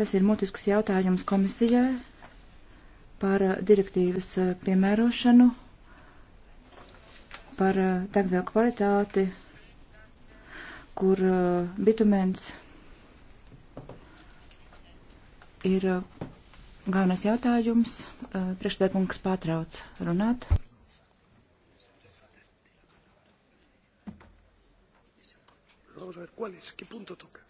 Tas ir mutisks jautājums komisijai par uh, direktīvas uh, piemērošanu, par uh, degvielu kvalitāti, kur bitumens ir galvenais jautājums. Priekšstādpunkts pārtrauc runāt. Vamos a ver cuál es, qué punto toca.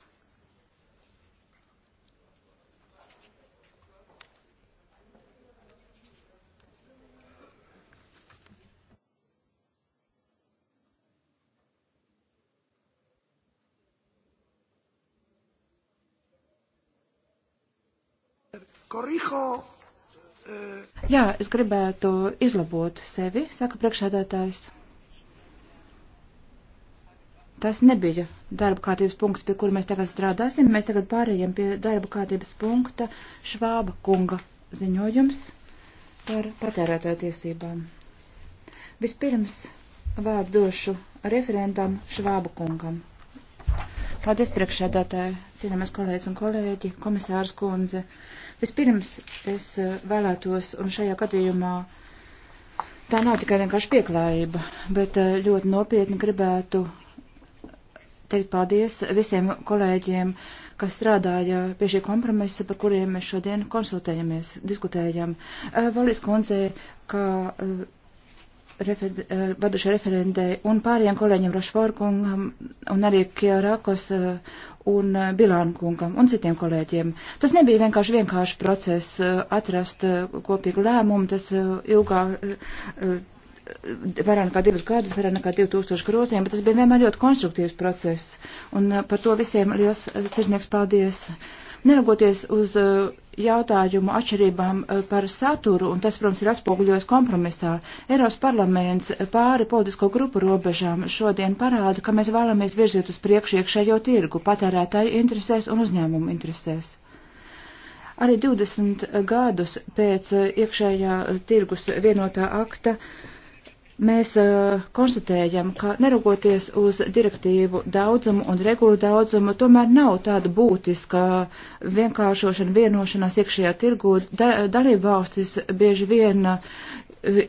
Eh, Jā, es gribētu izlabot sevi, saka priekšsēdētājs. Tas nebija darba kārtības punkts, pie kura mēs tagad strādāsim. Mēs tagad pārējiem pie darba kārtības punkta Švāba kunga ziņojums par patērētāju tiesībām. Vispirms vārdu došu referentam Švāba kungam. Paldies priekšēdātāji, cienījamies kolēģis un kolēģi, komisārs kundze. Vispirms es eh, vēlētos, un šajā gadījumā tā nav tikai vienkārši pieklājība, bet eh, ļoti nopietni gribētu teikt paldies visiem kolēģiem, kas strādāja pie šī kompromisa, par kuriem mēs šodien konsultējamies, diskutējam. Eh, Valīs kundze, ka refer, eh, vadušai referentei un pārējiem kolēģiem Rašvorkungam un arī Kjārakos eh, un eh, Bilānkungam un citiem kolēģiem. Tas nebija vienkārši vienkārši process atrast kopīgu lēmumu, tas ilgā vairāk nekā divus gadus, vairāk nekā 2000 groziem, bet tas bija vienmēr ļoti konstruktīvs process. Un par to visiem liels sirsnieks paldies. Neraugoties uz uh, jautājumu atšķirībām eh, par saturu, un tas, protams, ir atspoguļojis kompromisā. Eiros parlaments eh, pāri politisko grupu robežām šodien parāda, ka mēs vēlamies virzīt uz priekšu iekšējo tirgu patērētāju interesēs un uzņēmumu interesēs. Arī 20 gadus pēc eh, iekšējā tirgus vienotā akta uh, mēs uh, konstatējam, ka neraugoties uz direktīvu daudzumu un regulu daudzumu, tomēr nav tāda būtiska vienkāršošana, vienošanās iekšējā tirgu. Da, dalību valstis bieži vien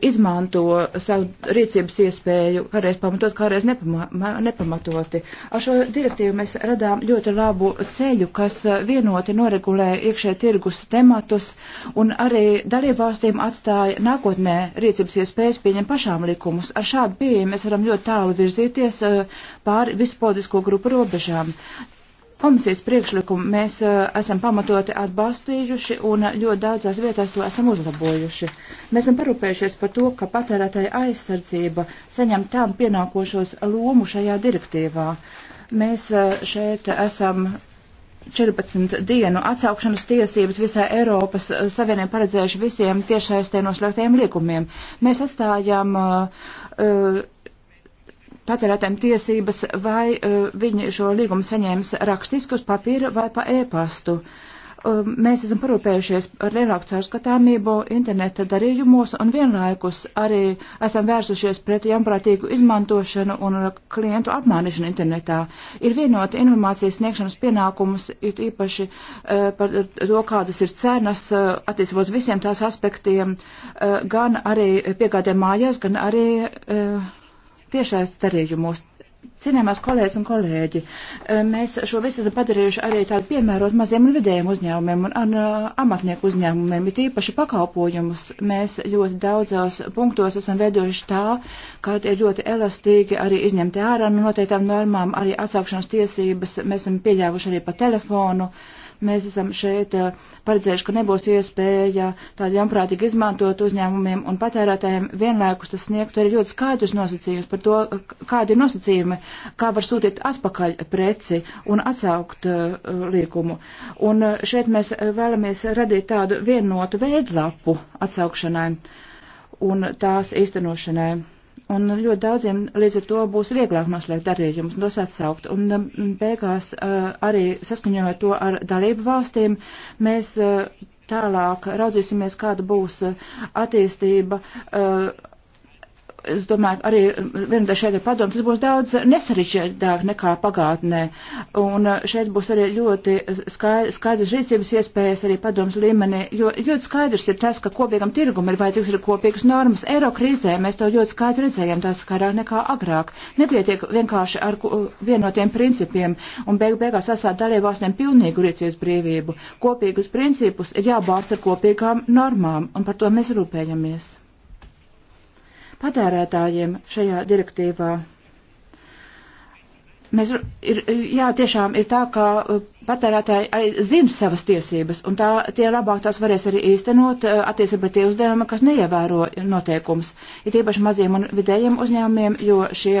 izmanto savu rīcības iespēju, kādreiz pamatot, kādreiz nepama, nepamatoti. Ar šo direktīvu mēs radām ļoti labu ceļu, kas eh, vienoti noregulē iekšē tirgus tematus un arī dalībvalstīm atstāja nākotnē rīcības iespējas pieņem pašām likumus. Ar šādu pieeju mēs varam ļoti tālu virzīties eh, pāri vispolitisko grupu robežām. Komisijas priekšlikumu mēs eh, esam pamatoti atbalstījuši un ļoti daudzās vietās to esam uzlabojuši. Mēs esam parūpējušies par to, ka patērētāja aizsardzība saņem tām pienākošos lomu šajā direktīvā. Mēs eh, šeit esam 14 dienu atsaukšanas tiesības visai Eiropas eh, Savieniem paredzējuši visiem tiešsaistē noslēgtajiem liekumiem. Mēs atstājām uh, uh, patērētājiem tiesības, vai uh, viņi šo līgumu saņēmis rakstiski uz papīra vai pa ēpastu. Uh, um, mēs esam parūpējušies par lielāku caurskatāmību interneta darījumos un vienlaikus arī esam vērsušies pret ļaunprātīgu izmantošanu un klientu apmānīšanu internetā. Ir vienota informācijas sniegšanas pienākumus, it īpaši uh, par to, kādas ir cenas uh, attiecībos visiem tās aspektiem, uh, gan arī piegādē mājās, gan arī uh, tiešais darījumos. Cienījamās kolēģis un kolēģi, mēs šo visu esam padarījuši arī tādu piemērot maziem un vidējiem uzņēmumiem un an, amatnieku uzņēmumiem, it īpaši pakalpojumus. Mēs ļoti daudzos punktos esam veidojuši tā, ka ir ļoti elastīgi arī izņemti ārā no noteiktām normām, arī atsākšanas tiesības mēs esam pieļāvuši arī pa telefonu. Uh, Mēs esam šeit eh, paredzējuši, ka nebūs iespēja tādu ļaunprātīgi izmantot uzņēmumiem un patērētājiem vienlaikus tas sniegt arī ļoti skaidrs nosacījums par to, kādi ir nosacījumi, kā var sūtīt atpakaļ preci un atsaukt uh, līkumu. Un eh, šeit mēs vēlamies radīt tādu vienotu veidlapu atsaukšanai un tās īstenošanai Un ļoti daudziem līdz ar to būs vieglāk noslēgt darījumus un tos atsaukt. Un um, beigās uh, arī saskaņojot to ar dalību valstīm, mēs uh, tālāk raudzīsimies, kāda būs uh, attīstība es domāju, arī vienotā šeit ir padomu, tas būs daudz nesarežģītāk nekā pagātnē. Un eh, šeit būs arī ļoti skaidrs rīcības iespējas arī padomas līmenī, jo ļoti skaidrs ir tas, ka kopīgam tirgum ir vajadzīgs arī kopīgas normas. Eiro krīzē mēs to ļoti skaidri redzējām, tās skaidrāk nekā agrāk. Nepietiek vienkārši ar vienotiem principiem un beig beigās esat dalībvalstīm pilnīgu rīcības brīvību. Kopīgus principus ir jābārsta ar kopīgām normām, un par to mēs rūpējamies patērētājiem šajā direktīvā. Mēs ir, jā, tiešām ir tā, ka patērētāji arī zina savas tiesības, un tā, tie labāk tās varēs arī īstenot eh, attiecībā tie uzdevumi, kas neievēro noteikums. Ir tīpaši maziem un vidējiem uzņēmumiem, jo šie,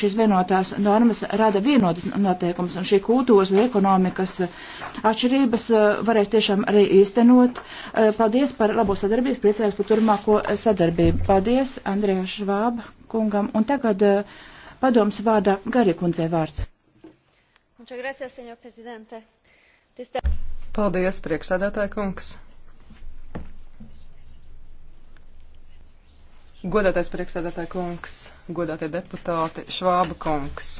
šīs vienotās normas rada vienotas noteikums, un šī kultūras vai ekonomikas eh, atšķirības eh, varēs tiešām arī īstenot. Paldies par labo sadarbību, priecājos par turmāko sadarbību. Paldies Andrija Švāba kungam, un tagad padoms vārdā Garikundzei vārds. Paldies, priekšsēdētāji kungs. Godātais priekšsēdētāji kungs, godātie deputāti, švāba kungs.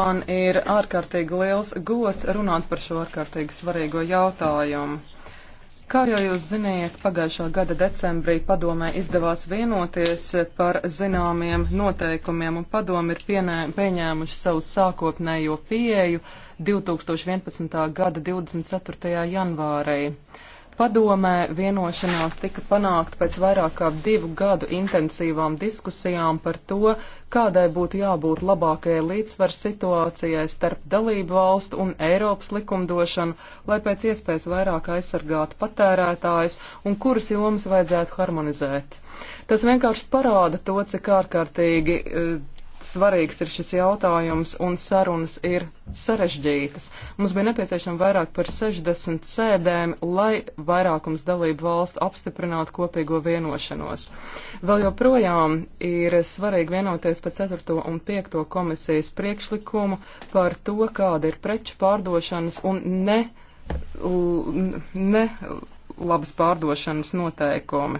Man ir ārkārtīgi liels gods runāt par šo ārkārtīgi svarīgo jautājumu. Kā jau jūs ziniet, pagājušā gada decembrī padomē izdevās vienoties par zināmiem noteikumiem, un padomi ir pieņēmuši savu sākotnējo pieeju 2011. gada 24. janvārī. Padomē vienošanās tika panākt pēc vairāk kā divu gadu intensīvām diskusijām par to, kādai būtu jābūt labākajai līdzsvaru situācijai starp dalību valstu un Eiropas likumdošanu, lai pēc iespējas vairāk aizsargātu patērētājus un kuras jomas vajadzētu harmonizēt. Tas vienkārši parāda to, cik ārkārtīgi. Uh, svarīgs ir šis jautājums un sarunas ir sarežģītas. Mums bija nepieciešama vairāk par 60 sēdēm, lai vairākums dalību valstu apstiprinātu kopīgo vienošanos. Vēl joprojām ir svarīgi vienoties par 4. un 5. komisijas priekšlikumu par to, kāda ir preču pārdošanas un ne. ne labas pārdošanas noteikumi.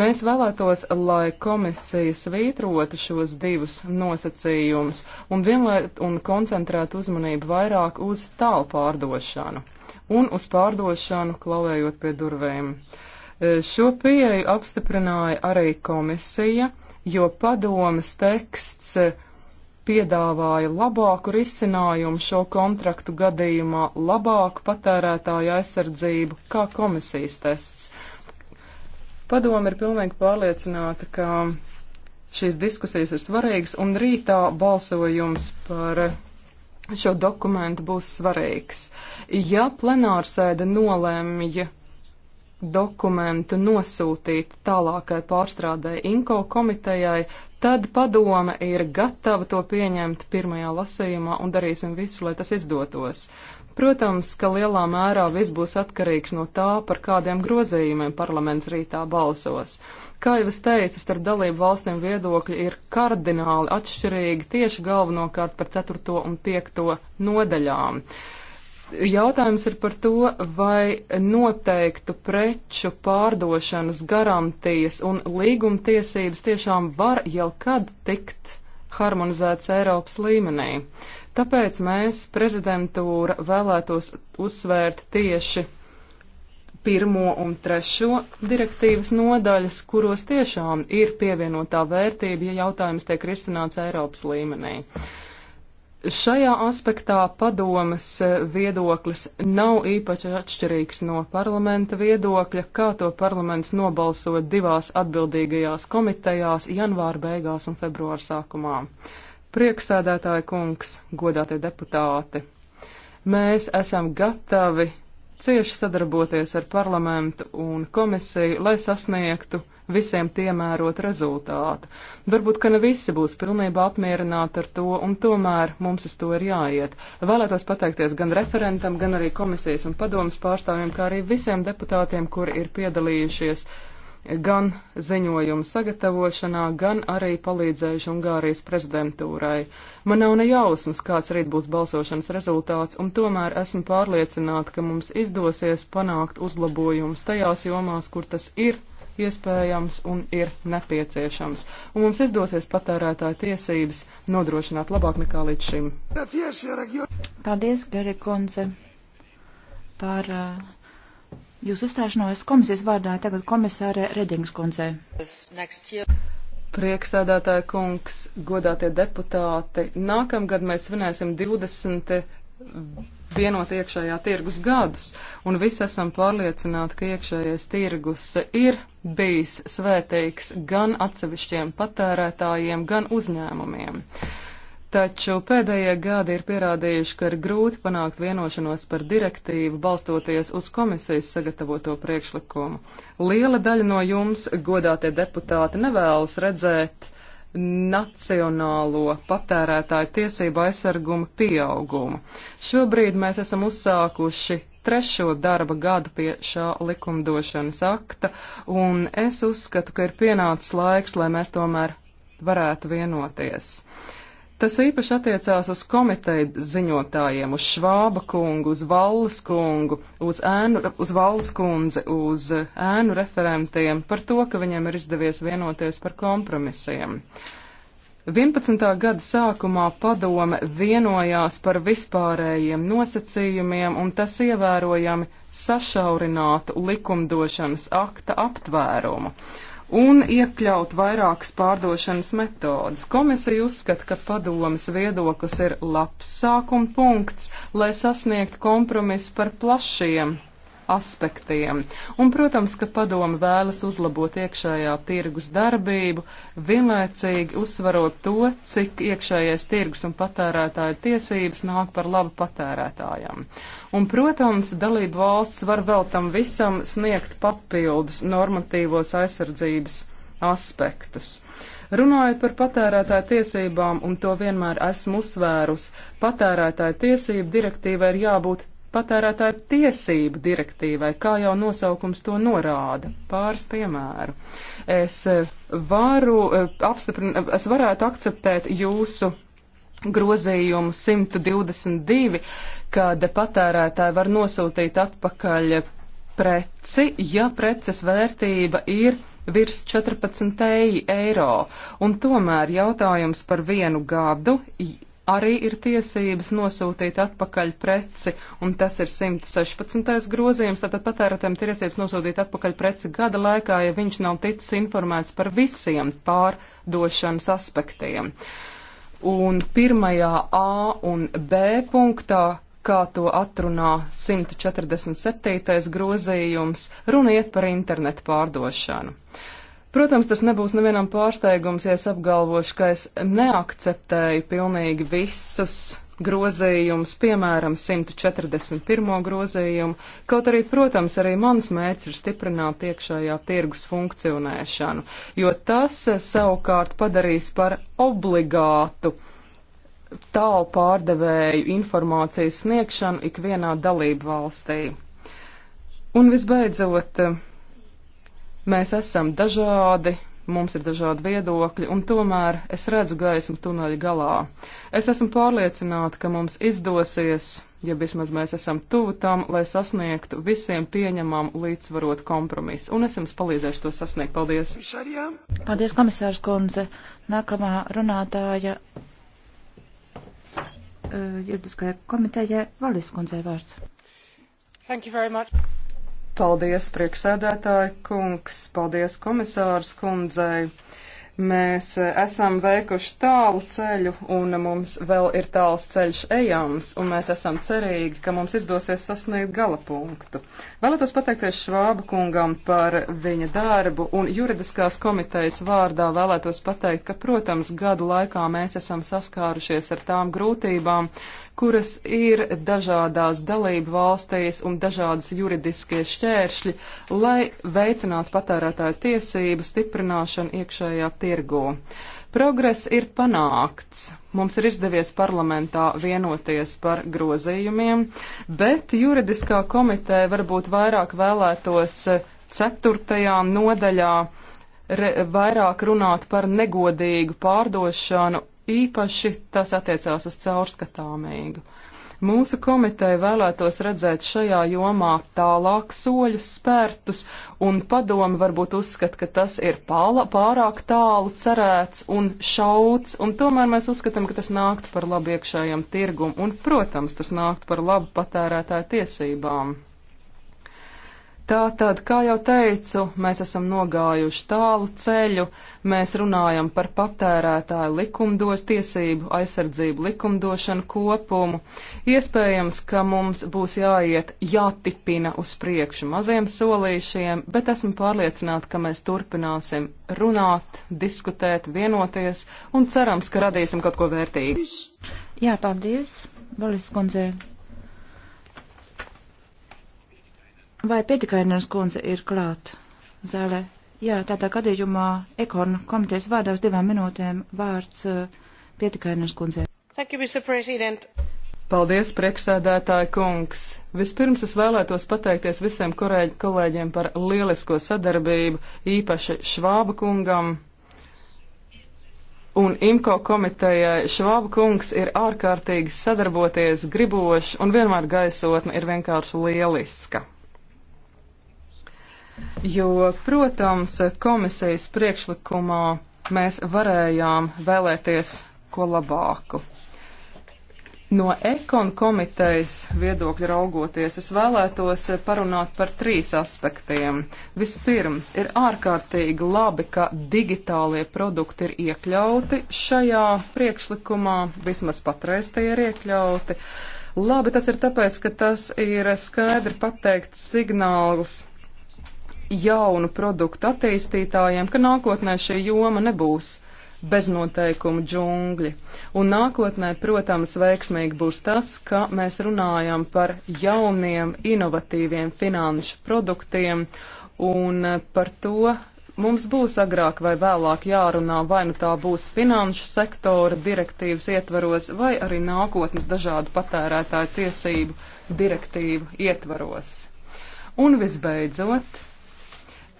Mēs vēlētos, lai komisija svītrotu šos divus nosacījumus un, vienlai, un koncentrētu uzmanību vairāk uz tālu pārdošanu un uz pārdošanu, klauvējot pie durvīm. E, šo pieeju apstiprināja arī komisija, jo padomas teksts piedāvāja labāku risinājumu šo kontraktu gadījumā, labāku patērētāju aizsardzību kā komisijas tests. Padoma ir pilnīgi pārliecināta, ka šīs diskusijas ir svarīgas, un rītā balsojums par šo dokumentu būs svarīgs. Ja plenārsēde nolēmja dokumentu nosūtīt tālākai pārstrādē INKO komitejai, tad padome ir gatava to pieņemt pirmajā lasējumā un darīsim visu, lai tas izdotos. Protams, ka lielā mērā viss būs atkarīgs no tā, par kādiem grozījumiem parlaments rītā balsos. Kā jau es teicu, starp dalību valstīm viedokļi ir kardināli atšķirīgi tieši galvenokārt par 4. un 5. nodaļām. Uh, Jautājums ir par to, vai noteiktu preču pārdošanas garantijas un līgumtiesības tiešām var jau kad tikt harmonizēts Eiropas līmenī. Tāpēc mēs prezidentūra vēlētos uzsvērt tieši pirmo un trešo direktīvas nodaļas, kuros tiešām ir pievienotā vērtība, ja jautājums tiek risināts Eiropas līmenī. Šajā aspektā padomas e, viedoklis nav īpaši atšķirīgs no parlamenta viedokļa, kā to parlaments nobalso divās atbildīgajās komitejās janvāra beigās un februāra sākumā. Prieksēdētāja kungs, godātie deputāti, mēs esam gatavi cieši sadarboties ar parlamentu un komisiju, lai sasniegtu visiem piemērot rezultātu. Varbūt, ka ne visi būs pilnībā apmierināti ar to, un tomēr mums uz to ir jāiet. Vēlētos pateikties gan referentam, gan arī komisijas un padomas pārstāvjiem, kā arī visiem deputātiem, kuri ir piedalījušies gan ziņojumu sagatavošanā, gan arī palīdzējuši Ungārijas prezidentūrai. Man nav ne jausmas, kāds rīt būs balsošanas rezultāts, un tomēr esmu pārliecināta, ka mums izdosies panākt uzlabojumus tajās jomās, kur tas ir iespējams un ir nepieciešams. Un mums izdosies patērētāja tiesības nodrošināt labāk nekā līdz šim. Paldies, Gari Konze, par uh, Jūs uzstāšanos komisijas vārdā tagad komisāre Redingskundzei. Prieksēdētāja kungs, godātie deputāti, nākamgad mēs svinēsim 20 vienot iekšējā tirgus gadus, un visi esam pārliecināti, ka iekšējais tirgus ir bijis svētīgs gan atsevišķiem patērētājiem, gan uzņēmumiem. Taču pēdējie gadi ir pierādījuši, ka ir grūti panākt vienošanos par direktīvu, balstoties uz komisijas sagatavoto priekšlikumu. Liela daļa no jums, godātie deputāti, nevēlas redzēt nacionālo patērētāju tiesību aizsargumu pieaugumu. Šobrīd mēs esam uzsākuši trešo darba gadu pie šā likumdošanas akta, un es uzskatu, ka ir pienācis laiks, lai mēs tomēr varētu vienoties. Tas īpaši attiecās uz komiteju ziņotājiem, uz Švāba kungu, uz Valles kungu, uz, ēnu, uz Valles kundzi, uz ēnu referentiem par to, ka viņiem ir izdevies vienoties par kompromisiem. 11. gada sākumā padome vienojās par vispārējiem nosacījumiem, un tas ievērojami sašaurinātu likumdošanas akta aptvērumu un iekļaut vairākas pārdošanas metodas. Komisija uzskata, ka padomas viedoklis ir labs sākuma punkts, lai sasniegtu kompromisu par plašiem aspektiem. Un, protams, ka padoma vēlas uzlabot iekšējā tirgus darbību, vienlaicīgi uzsvarot to, cik iekšējais tirgus un patērētāju tiesības nāk par labu patērētājam. Un, protams, dalību valsts var vēl tam visam sniegt papildus normatīvos aizsardzības aspektus. Runājot par patērētāju tiesībām, un to vienmēr esmu uzsvērus, patērētāju tiesību direktīvai ir jābūt patērētāju tiesību direktīvai, kā jau nosaukums to norāda. Pāris piemēru. Es varu eh, apstiprināt, es varētu akceptēt jūsu grozījumu 122, kad patērētāji var nosūtīt atpakaļ preci, ja preces vērtība ir virs 14 eiro. Un tomēr jautājums par vienu gadu arī ir tiesības nosūtīt atpakaļ preci, un tas ir 116. grozījums. Tātad patērētājiem ir tiesības nosūtīt atpakaļ preci gada laikā, ja viņš nav ticis informēts par visiem pārdošanas aspektiem. Uh, un pirmajā A un B punktā, kā to atrunā 147. grozījums, runa iet par internetu pārdošanu. Protams, tas nebūs nevienam pārsteigums, ja es apgalvošu, ka es neakceptēju pilnīgi visus grozījumus, piemēram, 141. grozījumu, kaut arī, protams, arī mans mērķis ir stiprināt iekšējā tirgus funkcionēšanu, jo tas savukārt padarīs par obligātu tālu pārdevēju informācijas sniegšanu ikvienā dalību valstī. Un visbeidzot, mēs esam dažādi, mums ir dažādi viedokļi, un tomēr es redzu gaismu tuneļa galā. Es esmu pārliecināta, ka mums izdosies, ja vismaz mēs esam tuvu tam, lai sasniegtu visiem pieņemam līdzsvarot kompromisu, un es jums palīdzēšu to sasniegt. Paldies! Paldies, komisārs Kunze! Nākamā runātāja eh, juridiskajai komitejai Valis Kundzei vārds. Thank you very much. Paldies, priekšsēdētāji kungs, paldies komisārs kundzei. Mēs eh, esam veikuši tālu ceļu un mums vēl ir tāls ceļš ejams, un mēs esam cerīgi, ka mums izdosies sasniegt gala punktu. Vēlētos pateikties Švāba kungam par viņa darbu un juridiskās komitejas vārdā vēlētos pateikt, ka, protams, gadu laikā mēs esam saskārušies ar tām grūtībām, kuras ir dažādās dalību valstīs un dažādas juridiskie šķēršļi, lai veicinātu patērētāju tiesību stiprināšanu iekšējā tirgū. Progress ir panākts. Mums ir izdevies parlamentā vienoties par grozījumiem, bet juridiskā komiteja varbūt vairāk vēlētos ceturtajā nodaļā re, vairāk runāt par negodīgu pārdošanu īpaši tas attiecās uz caurskatāmīgu. Mūsu komiteja vēlētos redzēt šajā jomā tālāk soļus spērtus, un padomi varbūt uzskata, ka tas ir pāla, pārāk tālu cerēts un šauts, un tomēr mēs uzskatām, ka tas nāktu par labu iekšējam tirgum, un, protams, tas nāktu par labu patērētāju tiesībām. Tātad, kā jau teicu, mēs esam nogājuši tālu ceļu, mēs runājam par patērētāju likumdos tiesību, aizsardzību likumdošanu kopumu. Iespējams, ka mums būs jāiet jātipina uz priekšu maziem solīšiem, bet esmu pārliecināta, ka mēs turpināsim runāt, diskutēt, vienoties un cerams, ka radīsim kaut ko vērtīgu. Jā, paldies, Valis Konzē. Vai pietikainas kundze ir klāt zālē? Jā, tādā gadījumā ekonu komitejas vārdā uz divām minūtēm vārds uh, pietikainas kundzei. Paldies, priekšsēdētāja kungs! Vispirms es vēlētos pateikties visiem korēģi, kolēģiem par lielisko sadarbību, īpaši Švāba kungam. Un IMCO komitejai Švāba kungs ir ārkārtīgi sadarboties, gribošs un vienmēr gaisotne ir vienkārši lieliska jo, protams, komisijas priekšlikumā mēs varējām vēlēties ko labāku. No ekonu komitejas viedokļa raugoties, es vēlētos parunāt par trīs aspektiem. Vispirms, ir ārkārtīgi labi, ka digitālie produkti ir iekļauti šajā priekšlikumā, vismaz patreiz tie ir iekļauti. Labi, tas ir tāpēc, ka tas ir skaidri pateikts signāls jaunu produktu attīstītājiem, ka nākotnē šī joma nebūs beznoteikumu džungļi. Un nākotnē, protams, veiksmīgi būs tas, ka mēs runājam par jauniem, inovatīviem finanšu produktiem un eh, par to mums būs agrāk vai vēlāk jārunā, vai nu tā būs finanšu sektora direktīvas ietvaros, vai arī nākotnes dažādu patērētāju tiesību direktīvu ietvaros. Un visbeidzot,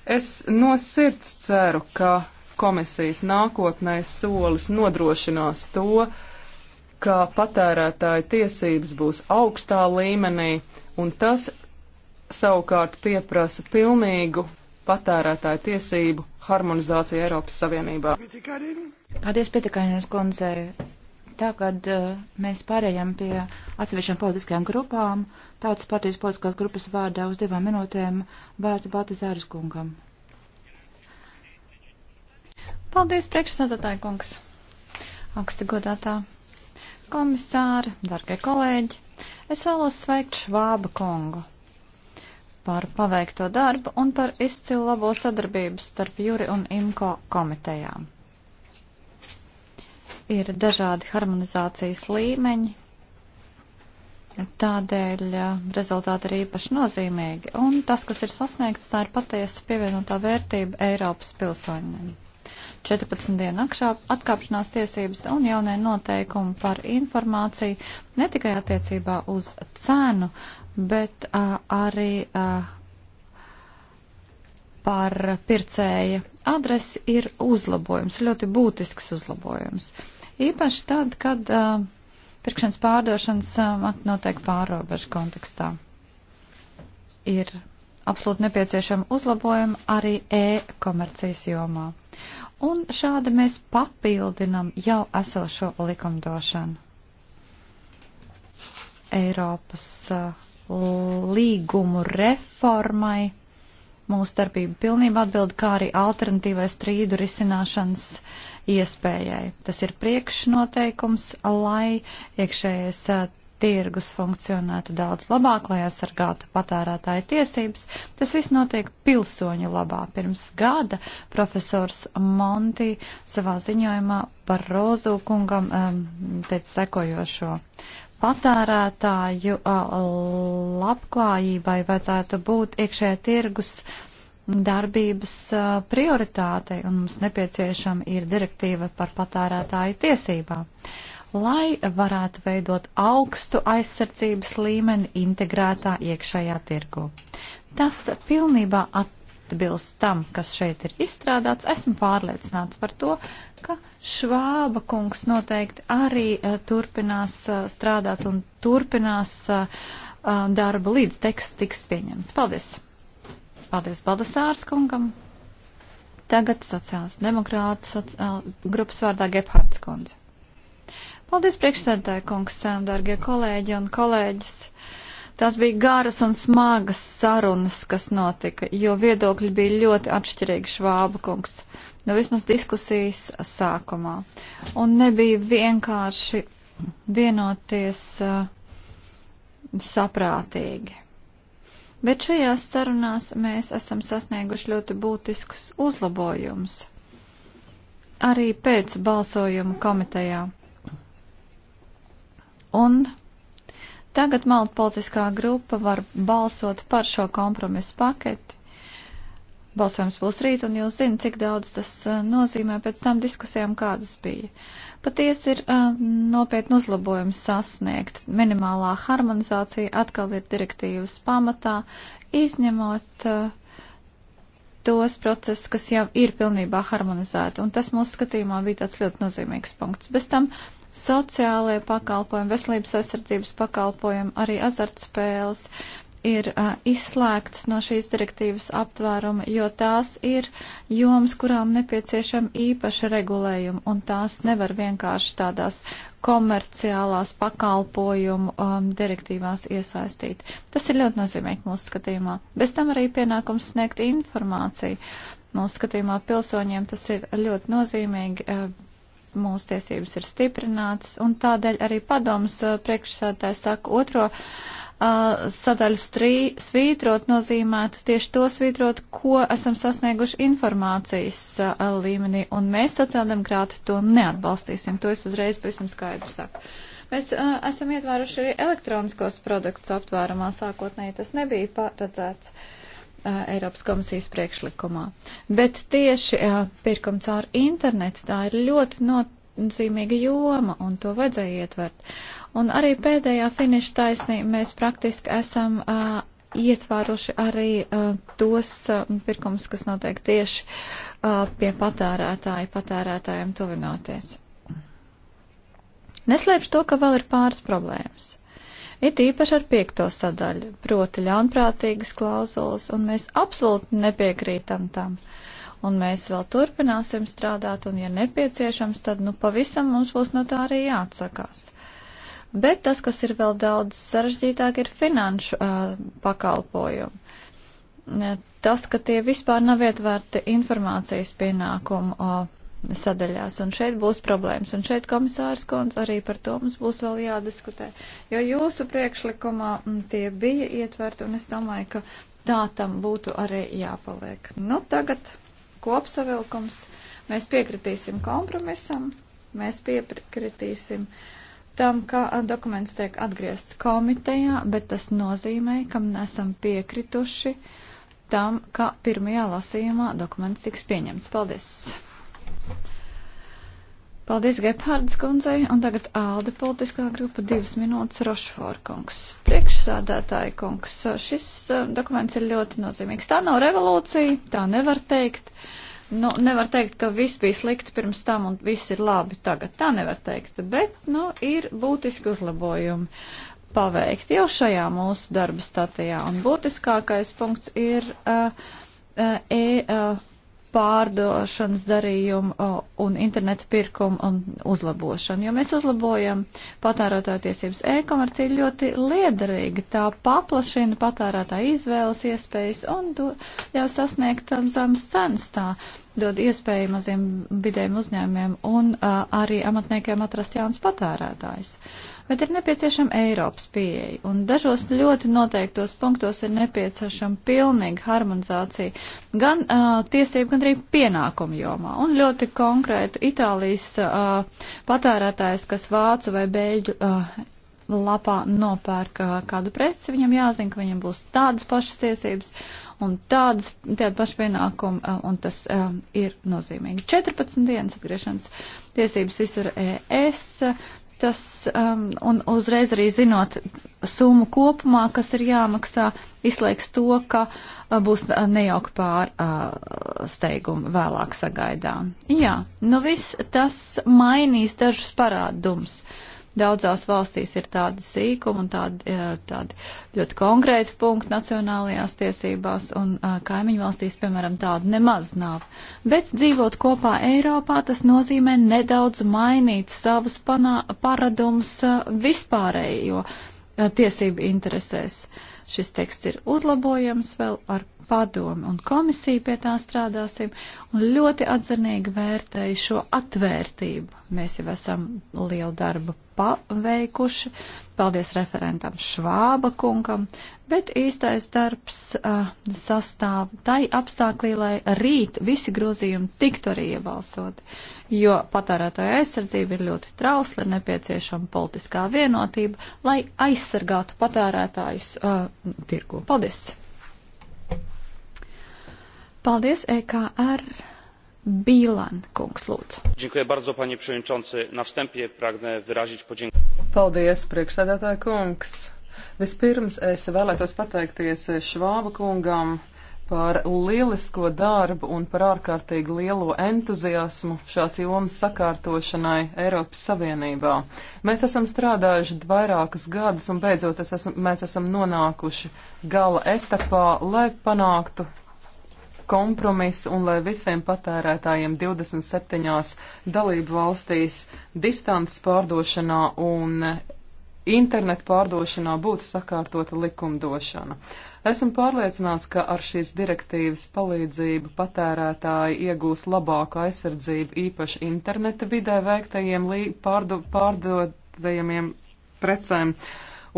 Es no sirds ceru, ka komisijas nākotnēs solis nodrošinās to, ka patērētāja tiesības būs augstā līmenī, un tas savukārt pieprasa pilnīgu patērētāja tiesību harmonizāciju Eiropas Savienībā. Paldies, Pietikainas kundzei. Tagad uh, mēs pārējām pie atsevišķām politiskajām grupām. Tautas partijas politiskās grupas vārdā uz divām minūtēm vārds Baltazāras kungam. Paldies, priekšsādātāji kungs! Augsti godātā komisāri, dargie kolēģi! Es vēlos sveikt Švāba kungu par paveikto darbu un par izcilu labo sadarbību starp Juri un Imko komitejām ir dažādi harmonizācijas līmeņi, tādēļ rezultāti ir īpaši nozīmīgi. Un tas, kas ir sasniegts, tā ir patiesa pievienotā vērtība Eiropas pilsoņiem. 14 dienu atkāpšanās tiesības un jaunie noteikumi par informāciju ne tikai attiecībā uz cenu, bet uh, arī uh, par pircēja adresi ir uzlabojums, ļoti būtisks uzlabojums. Uh, īpaši tad, kad uh, pirkšanas pārdošanas uh, notiek pārobežu kontekstā. Ir absolūti nepieciešama uzlabojuma arī e-komercijas jomā. Un šādi mēs papildinam jau esošo likumdošanu. Eiropas uh, līgumu reformai mūsu starpību pilnībā atbild, kā arī alternatīvai strīdu risināšanas uh, iespējai. Tas ir priekšnoteikums, lai iekšējais tirgus funkcionētu daudz labāk, lai aizsargātu patērētāju tiesības. Tas viss notiek pilsoņu labā. Pirms gada profesors Monti savā ziņojumā par Rozu kungam teica sekojošo. Patērētāju labklājībai vajadzētu būt iekšējā tirgus uh, darbības prioritāte, un mums nepieciešama ir direktīva par patērētāju tiesībām, lai varētu veidot augstu aizsardzības līmeni integrētā iekšējā tirgu. Tas pilnībā atbilst tam, kas šeit ir izstrādāts. Esmu pārliecināts par to, ka Švāba kungs noteikti arī turpinās strādāt un turpinās darbu līdz teksts tiks pieņemts. Paldies! Paldies Baldasārs kungam. Tagad sociālas demokrāta sociāla, grupas vārdā Gebhards kundze. Paldies priekšstādātāju kungs, dārgie kolēģi un kolēģis. Tās bija garas un smagas sarunas, kas notika, jo viedokļi bija ļoti atšķirīgi švāba kungs. Nu, vismaz diskusijas sākumā. Un nebija vienkārši vienoties uh, saprātīgi. Bet šajās sarunās mēs esam sasnieguši ļoti būtiskus uzlabojumus. Arī pēc balsojuma komitejā. Un tagad Malta politiskā grupa var balsot par šo kompromisu paketi Balsojums būs rīt, un jūs zinat, cik daudz tas eh, nozīmē pēc tam diskusijām, kādas bija. Patiesi ir uh, nopietni uzlabojums sasniegt. Minimālā harmonizācija atkal ir direktīvas pamatā, izņemot uh, tos procesus, kas jau ir pilnībā harmonizēti, un tas mūsu skatījumā bija tāds ļoti nozīmīgs punkts. Bez tam sociālajie pakalpojumi, veselības aizsardzības pakalpojumi, arī azartspēles. Uh, ir uh, izslēgtas no šīs direktīvas aptvēruma, jo tās ir jomas, kurām nepieciešama īpaša regulējuma, un tās nevar vienkārši tādās komerciālās pakalpojumu um, direktīvās iesaistīt. Tas ir ļoti nozīmīgi mūsu skatījumā. Bez tam arī pienākums sniegt informāciju. Mūsu skatījumā pilsoņiem tas ir ļoti nozīmīgi. Uh, mūsu tiesības ir stiprinātas, un tādēļ arī padomas priekšsētājs saka otro uh, uh, sadaļu strī, svītrot nozīmētu tieši to svītrot, ko esam sasnieguši informācijas uh, līmenī, un mēs sociāldemokrāti to neatbalstīsim. To es uzreiz pavisam skaidri saku. Mēs uh, esam ietvēruši arī elektroniskos produktus aptvērumā. Sākotnēji tas nebija paredzēts uh, Eiropas komisijas priekšlikumā. Bet tieši uh, pirkuma caur internetu tā ir ļoti nozīmīga joma, un to vajadzēja ietvert. Un arī pēdējā finiša taisnī mēs praktiski esam uh, ietvēruši arī uh, tos uh, pirkums, kas notiek tieši uh, pie patērētāja, patērētājiem tuvināties. Neslēpšu to, ka vēl ir pāris problēmas. It īpaši ar piekto sadaļu, proti ļaunprātīgas klauzulas, un mēs absolūti nepiekrītam tam. Un mēs vēl turpināsim strādāt, un, ja nepieciešams, tad, nu, pavisam mums būs no tā arī jāatsakās. Uh, Bet tas, kas ir vēl daudz sarežģītāk, ir finanšu uh, pakalpojumi. Tas, ka tie vispār nav ietvērti informācijas pienākumu uh, sadaļās, un šeit būs problēmas. Un šeit komisārs Kons arī par to mums būs vēl jādiskutē, jo jūsu priekšlikumā tie bija ietverti, un es domāju, ka tā tam būtu arī jāpaliek. Nu, tagad kopsavilkums. Mēs piekritīsim kompromisam, mēs piekritīsim. Uh, tam, ka dokuments tiek atgriezts komitejā, bet tas nozīmē, ka nesam piekrituši tam, ka pirmajā lasījumā dokuments tiks pieņemts. Paldies! Paldies Gephardas kundzei, un tagad ālda politiskā grupa divas minūtes Rošfor kungs. Priekšsādātāja kungs, šis eh, dokuments ir ļoti nozīmīgs. Tā nav revolūcija, tā nevar teikt. Uh, Nu, nevar teikt, ka viss bija slikti pirms tam un viss ir labi tagad. Tā nevar teikt, bet, nu, ir būtiski uzlabojumi paveikt jau šajā mūsu darba statijā. Un būtiskākais punkts ir uh, uh, e. Uh, pārdošanas darījumu uh, un interneta pirkumu uzlabošanu. Jo mēs uzlabojam patērētāju tiesības e-komercija ļoti liederīgi. Tā paplašina patērētāju izvēles iespējas un ļauj sasniegt zemes cenas tā dod iespēju maziem vidējiem uzņēmumiem un uh, arī amatniekiem atrast jaunas patērētājus. Bet ir nepieciešama Eiropas pieeja, un dažos ļoti noteiktos punktos ir nepieciešama pilnīga harmonizācija gan uh, tiesību, gan arī pienākumu jomā. Un ļoti konkrēti Itālijas uh, patērētājs, kas vācu vai beļģu uh, lapā nopērk uh, kādu preci, viņam jāzina, ka viņam būs tādas pašas tiesības. Uh, un tādas, tāda paša pienākuma, eh, un tas um, ir nozīmīgi. 14 dienas atgriešanas tiesības visur ES, tas, um, un uzreiz arī zinot summu kopumā, kas ir jāmaksā, izslēgs to, ka uh, būs nejauka pārsteiguma uh, vēlāk sagaidām. Jā, nu viss tas mainīs dažus parādumus. Uh, Daudzās valstīs ir tādi sīkumi un tādi, eh, tādi ļoti konkrēti punkti nacionālajās tiesībās, un eh, kaimiņu valstīs, piemēram, tādu nemaz nav. Bet dzīvot kopā Eiropā, tas nozīmē nedaudz mainīt savus panā, paradumus eh, vispārējo tiesību interesēs. Šis teksts ir uzlabojams vēl ar padomu un komisiju pie tā strādāsim un ļoti atzarnīgi vērtēju šo atvērtību. Mēs jau esam lielu darbu paveikuši. Paldies referentam Švāba kungam, bet īstais darbs uh, sastāv tai apstāklī, lai rīt visi grozījumi tiktu arī iebalsoti, jo patērētāja aizsardzība ir ļoti trausla, ir nepieciešama politiskā vienotība, lai aizsargātu patērētājus uh, tirgu. Paldies! Paldies, EKR! Bīlan kungs lūdzu. Paldies, priekšsēdētāja kungs. Vispirms es vēlētos pateikties Švāba kungam par lielisko darbu un par ārkārtīgi lielo entuziasmu šās jomas sakārtošanai Eiropas Savienībā. Mēs esam strādājuši vairākus gadus un beidzot es esam, mēs esam nonākuši gala etapā, lai panāktu kompromisu un lai visiem patērētājiem 27 dalību valstīs distances pārdošanā un internetu pārdošanā būtu sakārtota likumdošana. Esmu pārliecināts, ka ar šīs direktīvas palīdzību patērētāji iegūs labāku aizsardzību īpaši interneta vidē veiktajiem pārdo pārdodajiem precēm.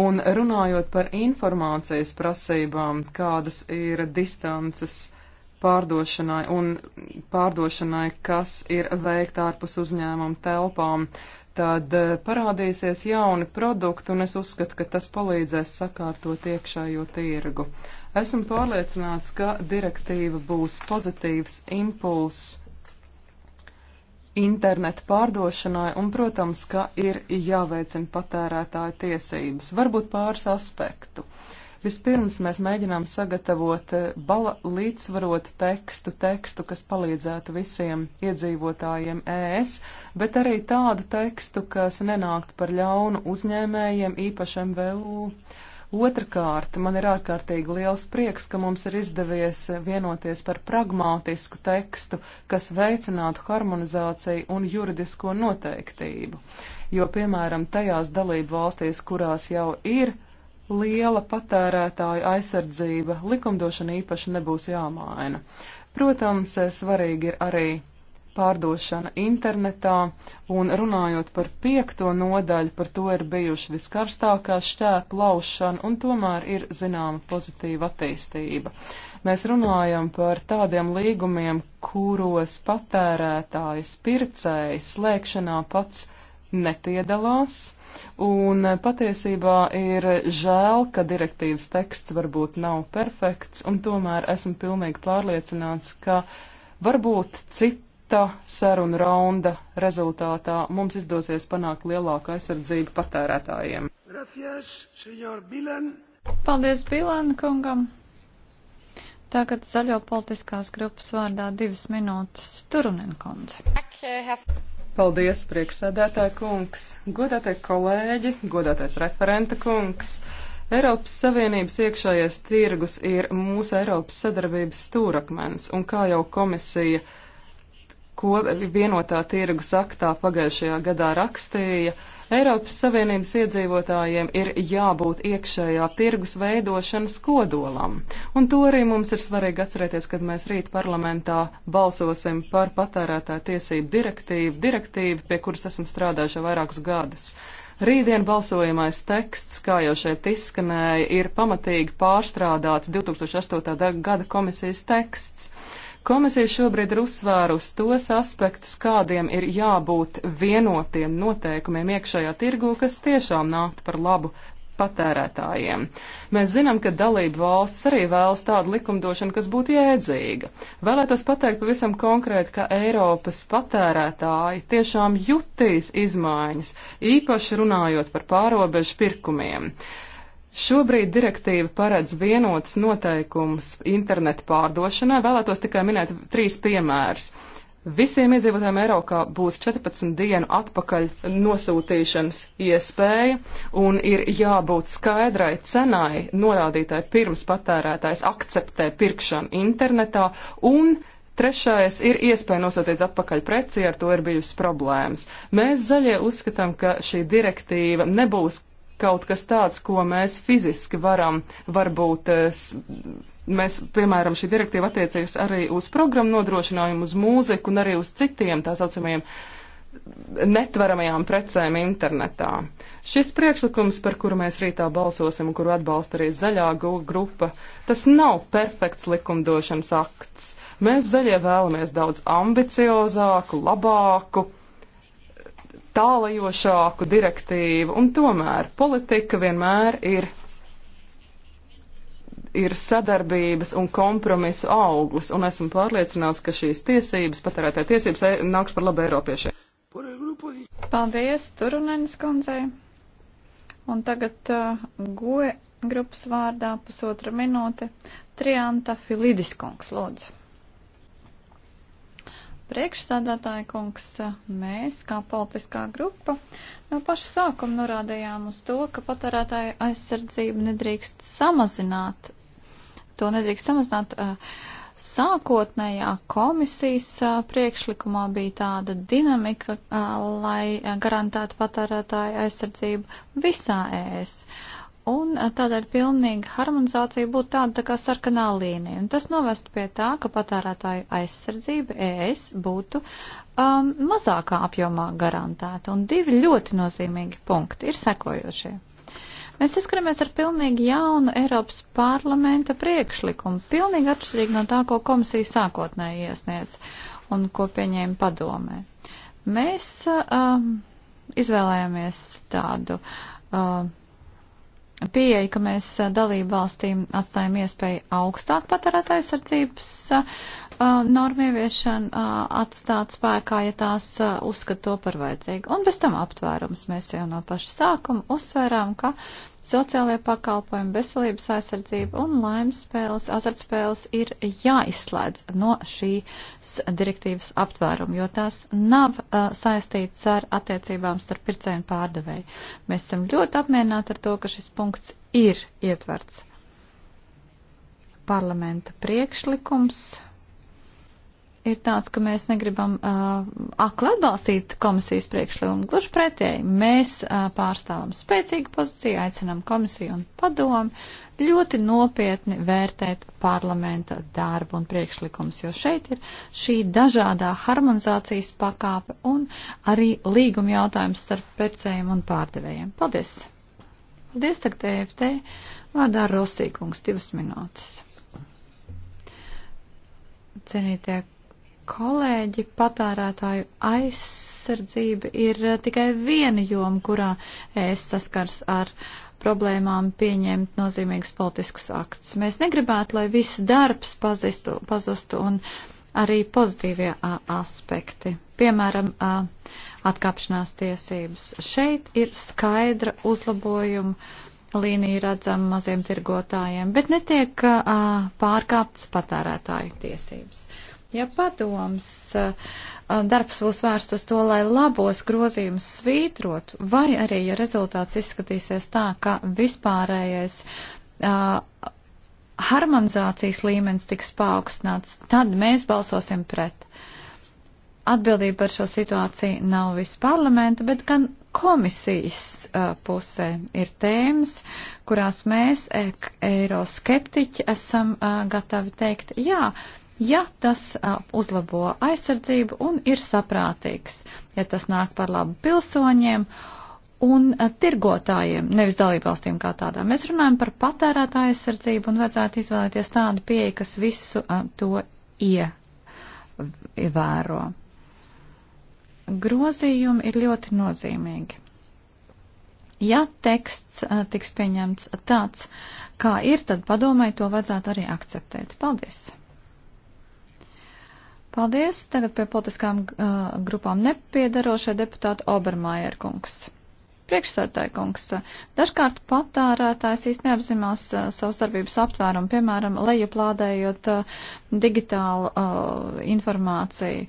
Un runājot par informācijas prasībām, kādas ir distances pārdošanai un pārdošanai, kas ir veikta ārpus uzņēmuma telpām, tad eh, parādīsies jauni produkti, un es uzskatu, ka tas palīdzēs sakārtot iekšējo tirgu. Esmu pārliecināts, ka direktīva būs pozitīvs impulss internetu pārdošanai, un, protams, ka ir jāveicina patērētāju tiesības. Varbūt pāris aspektu. Uh, Vispirms mēs mēģinām sagatavot eh, bala līdzsvarotu tekstu, tekstu, kas palīdzētu visiem iedzīvotājiem ES, bet arī tādu tekstu, kas nenāktu par ļaunu uzņēmējiem, īpaši MVU. Otrakārt, man ir ārkārtīgi liels prieks, ka mums ir izdevies vienoties par pragmātisku tekstu, kas veicinātu harmonizāciju un juridisko noteiktību. Jo, piemēram, tajās dalību valstīs, kurās jau ir liela patērētāja aizsardzība, likumdošana īpaši nebūs jāmaina. Protams, svarīgi ir arī pārdošana internetā, un runājot par piekto nodaļu, par to ir bijuši viskarstākā šķēpa laušana, un tomēr ir zināma pozitīva attīstība. Mēs runājam par tādiem līgumiem, kuros patērētājs pircējs slēgšanā pats nepiedalās, Un eh, patiesībā ir žēl, ka direktīvas teksts varbūt nav perfekts, un tomēr esmu pilnīgi pārliecināts, ka varbūt cita saruna raunda rezultātā mums izdosies panākt lielāku aizsardzību patērētājiem. Gracias, Bilan. Paldies Bilāna kungam! Tagad zaļo politiskās grupas vārdā divas minūtes Turunenkundze. Paldies, priekšsēdētāja kungs, godātie kolēģi, godātais referenta kungs. Eiropas Savienības iekšējais tirgus ir mūsu Eiropas sadarbības stūrakmens, un kā jau komisija ko vienotā tirgus aktā pagājušajā gadā rakstīja, Eiropas Savienības iedzīvotājiem ir jābūt iekšējā tirgus veidošanas kodolam. Un to arī mums ir svarīgi atcerēties, kad mēs rīt parlamentā balsosim par patērētāju tiesību direktīvu, direktīvu, pie kuras esam strādājuši jau vairākus gadus. Rītdien balsojamais teksts, kā jau šeit izskanēja, ir pamatīgi pārstrādāts 2008. gada komisijas teksts. Komisija šobrīd ir uzsvērusi tos aspektus, kādiem ir jābūt vienotiem noteikumiem iekšējā tirgū, kas tiešām nāktu par labu patērētājiem. Mēs zinām, ka dalību valsts arī vēlas tādu likumdošanu, kas būtu jēdzīga. Vēlētos pateikt pavisam konkrēti, ka Eiropas patērētāji tiešām jutīs izmaiņas, īpaši runājot par pārobežu pirkumiem. Šobrīd direktīva paredz vienotus noteikumus internetu pārdošanai. Vēlētos tikai minēt trīs piemērus. Visiem iedzīvotājiem Eiropā būs 14 dienu atpakaļ nosūtīšanas iespēja un ir jābūt skaidrai cenai norādītai pirms patērētājs akceptē pirkšanu internetā un Trešais ir iespēja nosūtīt atpakaļ preci, ar to ir bijusi problēmas. Mēs zaļie uzskatām, ka šī direktīva nebūs kaut kas tāds, ko mēs fiziski varam, varbūt eh, mēs, piemēram, šī direktīva attiecas arī uz programmu nodrošinājumu, uz mūziku un arī uz citiem tā saucamajiem netveramajām precēm internetā. Šis priekšlikums, par kuru mēs rītā balsosim un kuru atbalsta arī zaļā grupa, tas nav perfekts likumdošanas akts. Mēs zaļie vēlamies daudz ambiciozāku, labāku, tālajošāku direktīvu, un tomēr politika vienmēr ir, ir sadarbības un kompromisu auglis, un esmu pārliecināts, ka šīs tiesības, patērētāja tiesības, e, nāks par labu Eiropiešiem. Paldies, Turunenes kundzei. Un tagad uh, goe grupas vārdā pusotra minūte. Trianta Filidis kungs, lūdzu. Priekšsādātāja kungs, mēs kā politiskā grupa no paša sākuma norādījām uz to, ka patērētāju aizsardzību nedrīkst samazināt. To nedrīkst samazināt. Uh, sākotnējā komisijas uh, priekšlikumā bija tāda dinamika, uh, lai garantētu patērētāju aizsardzību visā ēst e Un eh, tādēļ pilnīga harmonizācija būtu tāda tā kā sarkanā līnija. Un tas novest pie tā, ka patērētāju aizsardzība ES būtu um, mazākā apjomā garantēta. Un divi ļoti nozīmīgi punkti ir sekojošie. Mēs saskaramies ar pilnīgi jaunu Eiropas parlamenta priekšlikumu, pilnīgi atšķirīgi no tā, ko komisija sākotnēji iesniedz un ko pieņēma padomē. Mēs uh, um, izvēlējāmies tādu. Um, pieeja, ka mēs dalību valstīm atstājam iespēju augstāk patērēt aizsardzības normu ieviešanu atstāt spēkā, ja tās uzskata to par vajadzīgu. Un bez tam aptvērums mēs jau no paša sākuma uzsvērām, ka sociālajie pakalpojumi, veselības aizsardzība un laimes spēles, azartspēles ir jāizslēdz no šīs direktīvas aptvērumu, jo tās nav uh, saistītas ar attiecībām starp pircēju un pārdevēju. Mēs esam ļoti apmierināti ar to, ka šis punkts ir ietverts. Parlamenta priekšlikums ir tāds, ka mēs negribam uh, akli atbalstīt komisijas priekšlikumu. Gluži pretēji, mēs uh, pārstāvam spēcīgu pozīciju, aicinam komisiju un padomu ļoti nopietni vērtēt parlamenta darbu un priekšlikums, jo šeit ir šī dažādā harmonizācijas pakāpe un arī līguma jautājums starp percējiem un pārdevējiem. Paldies! Paldies, tagad EFT vārdā Rosīkungs, divas minūtes. Cienītie kolēģi, patērētāju aizsardzība ir eh, tikai viena joma, kurā es saskars ar problēmām pieņemt nozīmīgus politiskus aktus. Mēs negribētu, lai viss darbs pazistu, pazustu un arī pozitīvie a, aspekti. Piemēram, a, atkāpšanās tiesības. Šeit ir skaidra uzlabojuma līnija redzama maziem tirgotājiem, bet netiek a, pārkāptas patērētāju tiesības. Uh, Ja padoms eh, darbs būs vērsts uz to, lai labos grozījumus svītrot, vai arī, ja rezultāts izskatīsies tā, ka vispārējais uh, harmonizācijas līmenis tiks paaugstināts, tad mēs balsosim pret. Atbildība par šo situāciju nav viss parlamenta, bet gan komisijas uh, pusē ir tēmas, kurās mēs, e eiroskeptiķi, esam uh, gatavi teikt, jā, uh, ja tas uh, uzlabo aizsardzību un ir saprātīgs, ja tas nāk par labu pilsoņiem un uh, tirgotājiem, nevis dalībvalstīm kā tādām. Mēs runājam par patērētāju aizsardzību un vajadzētu izvēlēties tādu pieeju, kas visu uh, to ievēro. Grozījumi ir ļoti nozīmīgi. Ja teksts uh, tiks pieņemts tāds, kā ir, tad padomai to vajadzētu arī akceptēt. Paldies! Paldies. Tagad pie politiskām uh, grupām nepiedarošie deputāti Obermajer kungs. Priekšsētāja kungs, uh, dažkārt patārētājs īsti neapzinās uh, savas darbības aptvērumu, piemēram, lejuplādējot uh, digitālu uh, informāciju.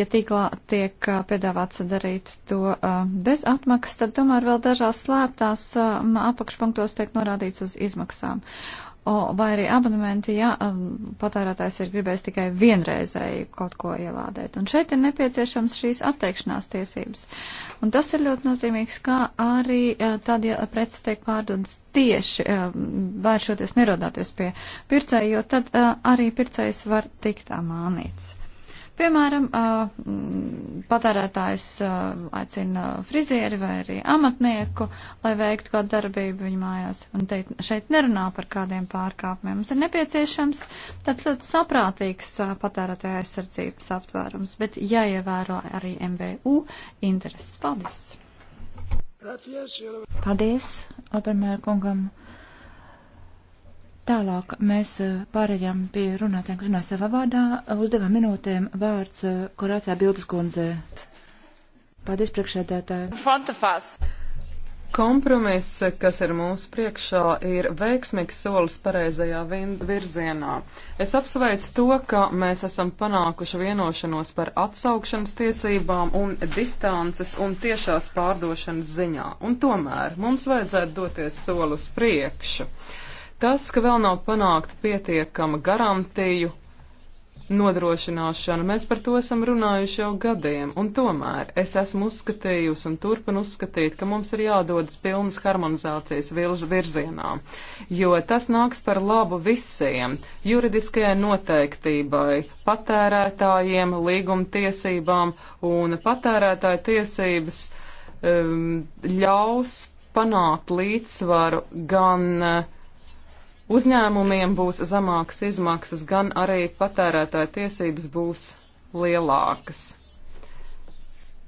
Ja tīklā tiek uh, piedāvāts darīt to uh, bez atmaksas, tad tomēr vēl dažās slēptās uh, apakšpunktos tiek norādīts uz izmaksām. Uh, vai arī abonementi, ja um, patērētājs ir gribējis tikai vienreizēji kaut ko ielādēt. Un šeit ir nepieciešams šīs atteikšanās tiesības. Un tas ir ļoti nozīmīgs, kā arī uh, tad, ja preces tiek pārdodas tieši um, vēršoties, nerodāties pie pircēja, jo tad uh, arī pircējs var tikt mānīts. Piemēram, patērētājs aicina frizieri vai arī amatnieku, lai veiktu kādu darbību viņa mājās. Un te, šeit nerunā par kādiem pārkāpumiem. Mums ir nepieciešams tāds ļoti saprātīgs patērētāja aizsardzības aptvērums, bet jāievēro arī MVU intereses. Paldies! Paldies, Obermēra kungam! Tālāk mēs eh, pārējām pie runātājiem, kas runā savā vārdā. Uz divām minūtēm vārds eh, Korācijā Bildes kundzē. Paldies, priekšsēdētāji. Kompromiss, kas ir mūsu priekšā, ir veiksmīgs solis pareizajā virzienā. Es apsveicu to, ka mēs esam panākuši vienošanos par atsaukšanas tiesībām un distances un tiešās pārdošanas ziņā. Un tomēr mums vajadzētu doties solus priekšu. Tas, ka vēl nav panākta pietiekama garantiju nodrošināšana, mēs par to esam runājuši jau gadiem, un tomēr es esmu uzskatījusi un turpinu uzskatīt, ka mums ir jādodas pilnas harmonizācijas virzienā, jo tas nāks par labu visiem - juridiskajai noteiktībai, patērētājiem, līguma tiesībām un patērētāja tiesības um, ļaus panākt līdzsvaru gan uh, uzņēmumiem būs zemākas izmaksas, gan arī patērētāja tiesības būs lielākas.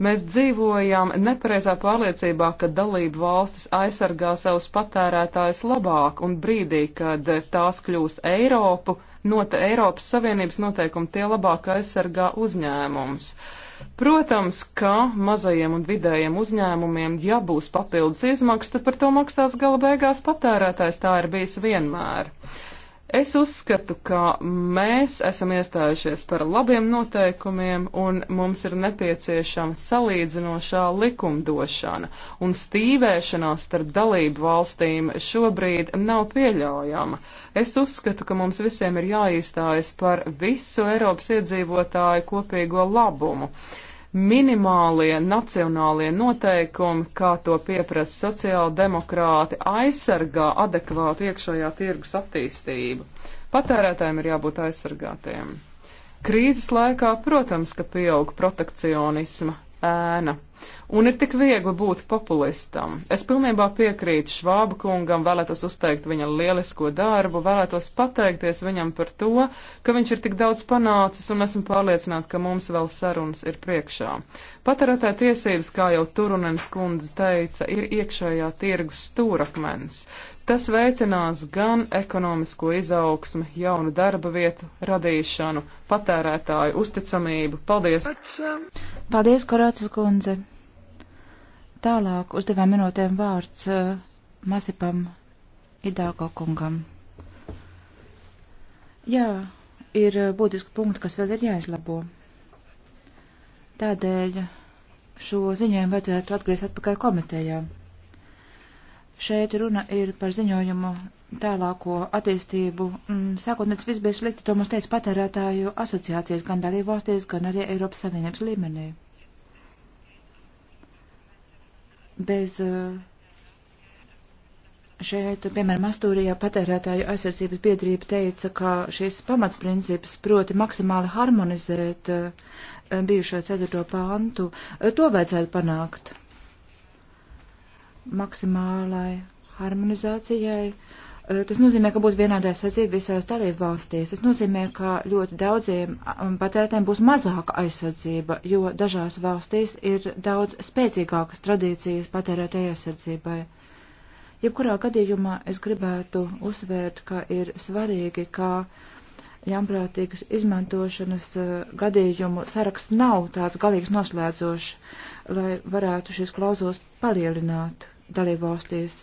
Mēs dzīvojam nepareizā pārliecībā, ka dalību valstis aizsargā savus patērētājus labāk, un brīdī, kad tās kļūst Eiropu, note Eiropas Savienības noteikumi tie labāk aizsargā uzņēmumus. Protams, ka mazajiem un vidējiem uzņēmumiem, ja būs papildus izmaksas, tad par to maksās gala beigās patērētājs. Tā ir bijis vienmēr. Uh, Es uzskatu, ka mēs esam iestājušies par labiem noteikumiem un mums ir nepieciešama salīdzinošā likumdošana, un stīvēšanās starp dalību valstīm šobrīd nav pieļaujama. Es uzskatu, ka mums visiem ir jāīstājas par visu Eiropas iedzīvotāju kopīgo labumu minimālie nacionālie noteikumi, kā to pieprasa sociāldemokrāti, aizsargā adekvātu iekšējā tirgus attīstību. Patērētājiem ir jābūt aizsargātiem. Krīzes laikā, protams, ka pieaug protekcionisma ēna. Un ir tik viegli būt populistam. Es pilnībā piekrītu Švāba kungam, vēlētos uzteikt viņa lielisko darbu, vēlētos pateikties viņam par to, ka viņš ir tik daudz panācis, un esmu pārliecināta, ka mums vēl sarunas ir priekšā. Patarētā tiesības, kā jau Turunens kundze teica, ir iekšējā tirgus stūrakmens. Tas veicinās gan ekonomisko izaugsmu, jaunu darba vietu radīšanu, patērētāju uzticamību. Paldies! Paldies, Korācis kundze! Tālāk uz divām minūtēm vārds uh, Masipam Idāko kungam. Jā, ir uh, būtiski punkti, kas vēl ir jāizlabo. Tādēļ šo ziņojumu vajadzētu atgriezt atpakaļ komitejām Šeit runa ir par ziņojumu tālāko attīstību. Mm, Sākotnēs viss bija slikti, to mums teica patērētāju asociācijas gan dalībvalstīs, gan arī Eiropas Savienības līmenī. Bez eh, šeit, piemēram, Astūrijā patērētāju aizsardzības biedrība teica, ka šis pamatprincips, proti maksimāli harmonizēt eh, bijušo ceturto pāntu, eh, to vajadzētu panākt maksimālai harmonizācijai. E, tas nozīmē, ka būs vienādai sazība visās dalību valstīs. Tas nozīmē, ka ļoti daudziem patērētēm būs mazāka aizsardzība, jo dažās valstīs ir daudz spēcīgākas tradīcijas patērētēji aizsardzībai. Jebkurā gadījumā es gribētu uzsvērt, ka ir svarīgi, ka ļaunprātīgas izmantošanas e, gadījumu saraksts nav tāds galīgs noslēdzošs, lai varētu šīs klauzulas palielināt dalībvalstīs,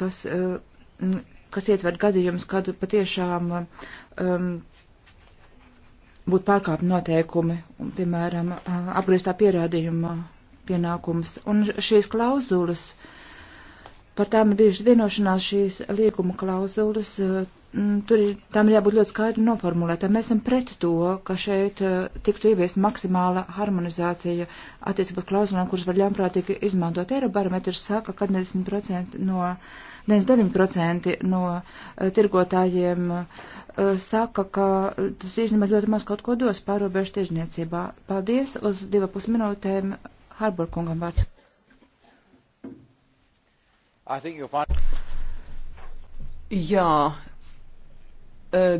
kas, eh, kas ietver gadījumus, kad patiešām um, būtu pārkāpti noteikumi, un, piemēram, eh, apgrieztā pierādījuma pienākums. Un šīs klauzulas, par tām ir bijušas vienošanās šīs līguma klauzulas, eh, Mm, tur ir, tam ir jābūt ļoti skaidri noformulētām. Mēs esam pret to, ka šeit eh, tiktu ieviest maksimāla harmonizācija attiecībā klauzulām, kuras var ļaunprātīgi izmantot. Eirobarometrs saka, ka 90% no, 99% no eh, tirgotājiem eh, saka, ka tas īstenībā ļoti maz kaut ko dos pārobežu tirzniecībā. Paldies uz divu pus minūtēm Harburkungam vārds. Jā,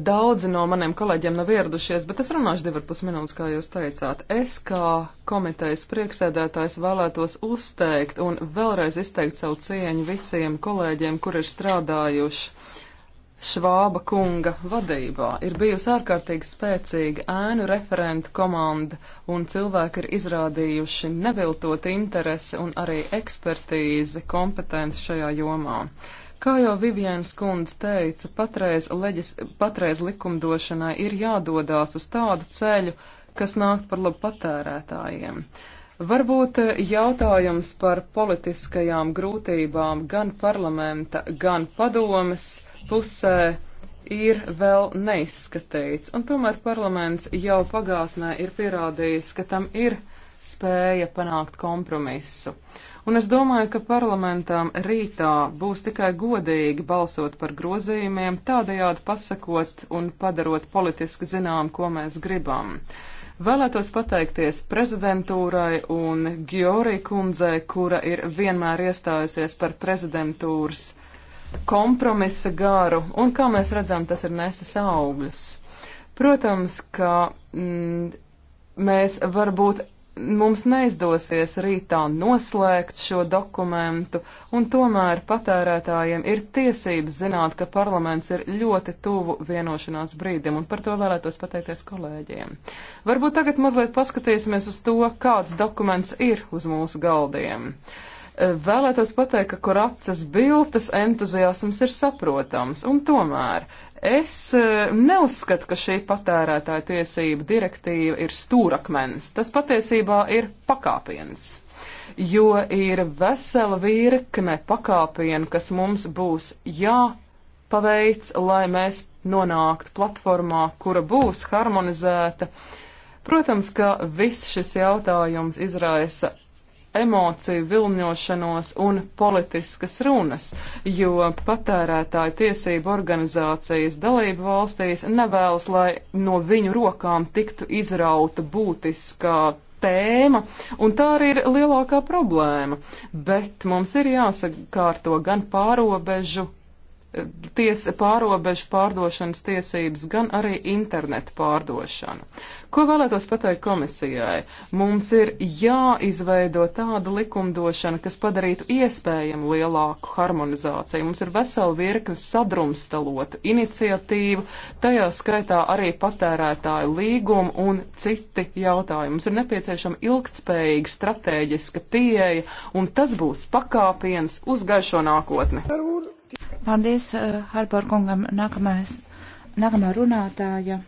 daudzi no maniem kolēģiem nav ieradušies, bet es runāšu divu ar pus minūtes, kā jūs teicāt. Es kā komitejas prieksēdētājs vēlētos uzteikt un vēlreiz izteikt savu cieņu visiem kolēģiem, kur ir strādājuši Švāba kunga vadībā. Ir bijusi ārkārtīgi spēcīga ēnu referentu komanda un cilvēki ir izrādījuši neviltot interesi un arī ekspertīzi kompetenci šajā jomā. Kā jau Vivienas kundze teica, patreiz, leģis, patreiz likumdošanai ir jādodās uz tādu ceļu, kas nāk par labu patērētājiem. Varbūt eh, jautājums par politiskajām grūtībām gan parlamenta, gan padomes pusē ir vēl neizskatīts, un tomēr parlaments jau pagātnē ir pierādījis, ka tam ir spēja panākt kompromisu. Uh, Un es domāju, ka parlamentam rītā būs tikai godīgi balsot par grozījumiem, tādējādi pasakot un padarot politiski zinām, ko mēs gribam. Vēlētos pateikties prezidentūrai un Giorī kundzei, kura ir vienmēr iestājusies par prezidentūras kompromisa garu, un kā mēs redzam, tas ir nesis augļus. Protams, ka mm, mēs varbūt mums neizdosies rītā noslēgt šo dokumentu, un tomēr patērētājiem ir tiesības zināt, ka parlaments ir ļoti tuvu vienošanās brīdim, un par to vēlētos pateikties kolēģiem. Varbūt tagad mazliet paskatīsimies uz to, kāds dokuments ir uz mūsu galdiem. E, vēlētos pateikt, ka kuracas biltas entuziasms ir saprotams, un tomēr Es e, neuzskatu, ka šī patērētāja tiesība direktīva ir stūrakmens. Tas patiesībā ir pakāpiens, jo ir vesela virkne pakāpienu, kas mums būs jāpaveic, lai mēs nonāktu platformā, kura būs harmonizēta. Protams, ka viss šis jautājums izraisa emociju vilņošanos un politiskas runas, jo patērētāju tiesību organizācijas dalību valstīs nevēlas, lai no viņu rokām tiktu izrauta būtiskā tēma, un tā arī ir lielākā problēma. Bet mums ir jāsakārto gan pārobežu ties, pārobežu pārdošanas tiesības, gan arī internetu pārdošanu. Ko vēlētos pateikt komisijai? Mums ir jāizveido tāda likumdošana, kas padarītu iespējamu lielāku harmonizāciju. Mums ir vesela virkne sadrumstalotu iniciatīvu, tajā skaitā arī patērētāju līgumu un citi jautājumi. Mums ir nepieciešama ilgtspējīga stratēģiska pieeja, un tas būs pakāpiens uz gaišo nākotni. Darbūt. Paldies, eh, Harbor kungam. Nākamais, nākamā runātāja.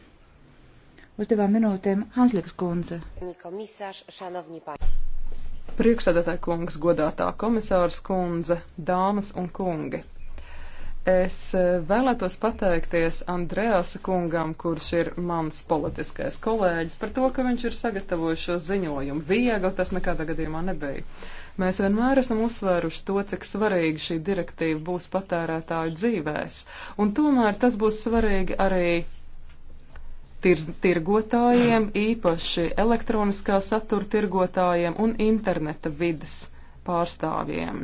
Uz divām minūtēm Hanslikas kundze. Priekšsēdētāja kungs, godātā komisārs kundze, dāmas un kungi. Es eh, vēlētos pateikties Andrēsa kungam, kurš ir mans politiskais kolēģis, par to, ka viņš ir sagatavojis šo ziņojumu. Viegli tas nekādā gadījumā nebija. Mēs vienmēr esam uzsvēruši to, cik svarīga šī direktīva būs patērētāju dzīvēs, un tomēr tas būs svarīgi arī tir tirgotājiem, īpaši elektroniskā satura tirgotājiem un interneta vidas pārstāvjiem.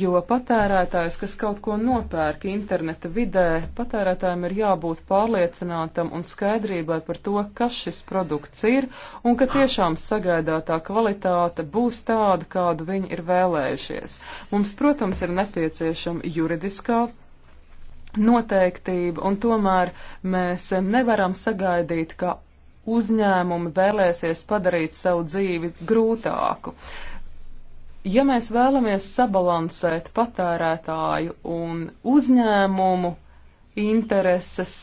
Jo patērētājs, kas kaut ko nopērk interneta vidē, patērētājiem ir jābūt pārliecinātam un skaidrībai par to, kas šis produkts ir un ka tiešām sagaidātā kvalitāte būs tāda, kādu viņi ir vēlējušies. Mums, protams, ir nepieciešama juridiskā noteiktība, un tomēr mēs nevaram sagaidīt, ka uzņēmumi vēlēsies padarīt savu dzīvi grūtāku ja mēs vēlamies sabalansēt patērētāju un uzņēmumu intereses,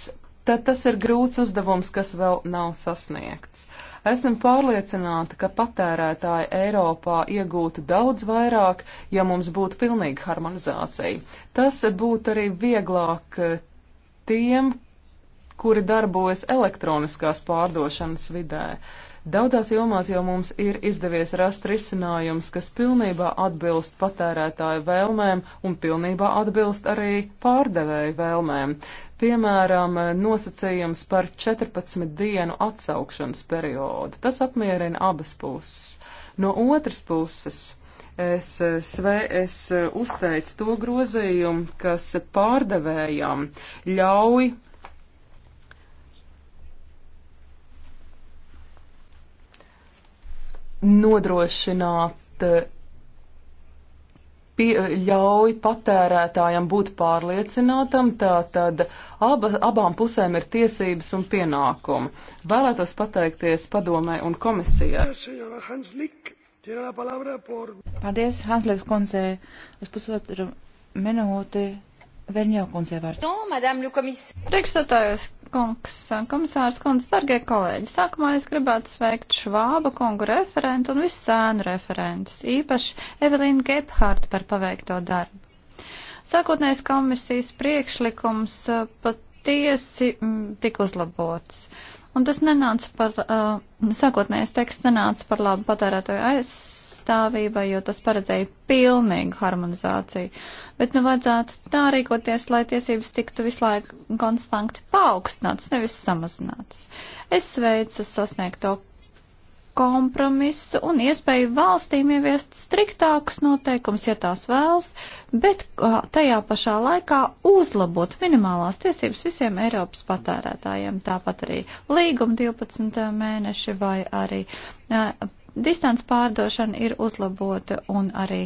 tad tas ir grūts uzdevums, kas vēl nav sasniegts. Esmu pārliecināta, ka patērētāji Eiropā iegūtu daudz vairāk, ja mums būtu pilnīga harmonizācija. Tas būtu arī vieglāk eh, tiem, kuri darbojas elektroniskās pārdošanas vidē. Uh, Daudzās jomās jau mums ir izdevies rast risinājums, kas pilnībā atbilst patērētāju vēlmēm un pilnībā atbilst arī pārdevēju vēlmēm. Piemēram, nosacījums par 14 dienu atsaukšanas periodu. Tas apmierina abas puses. No otras puses, es, svē, es uzteicu to grozījumu, kas pārdevējām ļauj nodrošināt eh, pie, eh, ļauj patērētājam būt pārliecinātam, tātad aba, abām pusēm ir tiesības un pienākumi. Vēlētos pateikties padomē un komisijai. Paldies, Hanslīks kundze, uz pusotru minūti. Verņo kundze vārds. Priekšstādājos kungs, komisārs kundze, dargie kolēģi, sākumā es gribētu sveikt Švāba kungu referentu un visu sēnu referentus, īpaši Evelīnu Gebhārdu par paveikto darbu. Sākotnējais komisijas priekšlikums uh, patiesi mm, tik uzlabots. Un tas nenāca par, uh, sākotnējais teksts nenāca par labu patērētāju aizsardzību pastāvībai, jo tas paredzēja pilnīgu harmonizāciju. Bet nu vajadzētu tā rīkoties, lai tiesības tiktu visu laiku konstanti paaugstināts, nevis samazināts. Es sveicu sasniegto kompromisu un iespēju valstīm ieviest striktākus noteikumus, ja tās vēlas, bet tajā pašā laikā uzlabot minimālās tiesības visiem Eiropas patērētājiem. Tāpat arī līguma 12 mēneši vai arī Distants pārdošana ir uzlabota un arī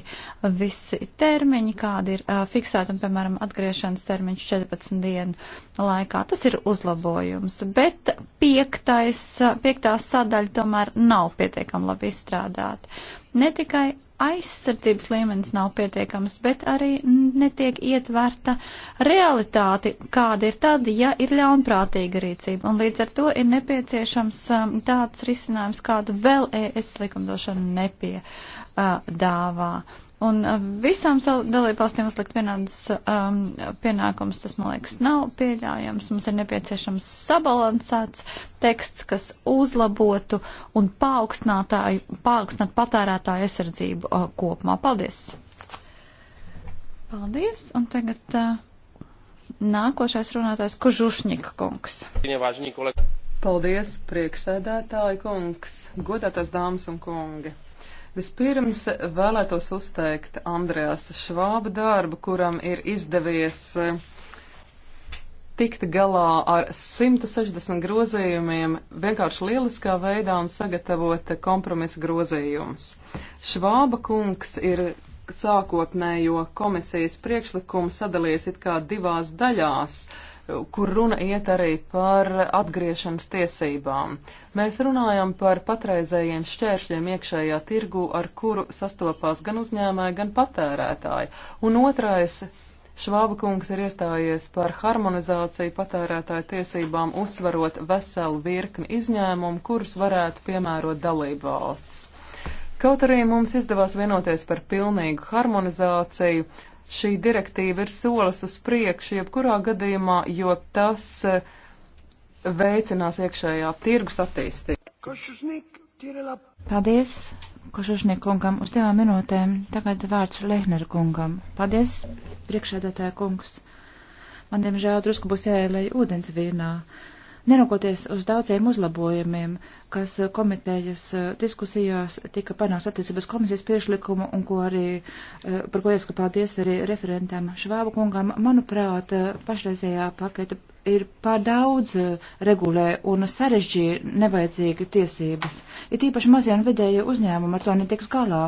visi termiņi, kādi ir uh, fiksēti, un, piemēram, atgriešanas termiņš 14 dienu laikā. Tas ir uzlabojums, bet piektais, piektā sadaļa tomēr nav pietiekami labi izstrādāta. Ne tikai aizsardzības līmenis nav pietiekams, bet arī netiek ietverta realitāte, kāda ir tad, ja ir ļaunprātīga rīcība. Un līdz ar to ir nepieciešams um, tāds risinājums, kādu vēl ES likumdošana nepiedāvā. Uh, Un uh, visām dalībvalstīm uzlikt vienādas um, pienākumus, tas, man liekas, nav pieļaujams. Mums ir nepieciešams sabalansēts teksts, kas uzlabotu un paaugstinātu patērētāju aizsardzību uh, kopumā. Paldies! Paldies! Un tagad uh, nākošais runātājs Kožušņika kungs. Paldies, prieksēdētāji kungs, godātās dāmas un kungi! Vispirms vēlētos uzteikt Andrēs Švāba darbu, kuram ir izdevies e, tikt galā ar 160 grozījumiem vienkārši lieliskā veidā un sagatavot kompromisa grozījumus. Švāba kungs ir sākotnējo komisijas priekšlikumu sadalījis it kā divās daļās. Uh, kur runa iet arī par atgriešanas tiesībām. Mēs runājam par patreizējiem šķēršļiem iekšējā tirgu, ar kuru sastopās gan uzņēmēji, gan patērētāji. Un otrais. Švāba kungs ir iestājies par harmonizāciju patērētāju tiesībām, uzsverot veselu virkni izņēmumu, kurus varētu piemērot dalību valsts. Kaut arī mums izdevās vienoties par pilnīgu harmonizāciju, šī direktīva ir solis uz priekšu jebkurā gadījumā, jo tas eh, veicinās iekšējā tirgus attīstību. Paldies, Košušnieku kungam, uz divām minūtēm. Tagad vārds Lehner kungam. Paldies, priekšēdētāja kungs. Man, diemžēl, drusku būs jāielēj ūdens vīnā. Neraugoties uz daudziem uzlabojumiem, kas eh, komitejas eh, diskusijās tika panāks attiecības komisijas priešlikumu un ko arī, eh, par ko iesaka paldies arī referentam Švābu kungam. Manuprāt, pašreizējā paketa ir pār daudz regulē un sarežģīja nevajadzīgi tiesības. Ir tīpaši mazie un vidēji uzņēmumi ar to netiks galā.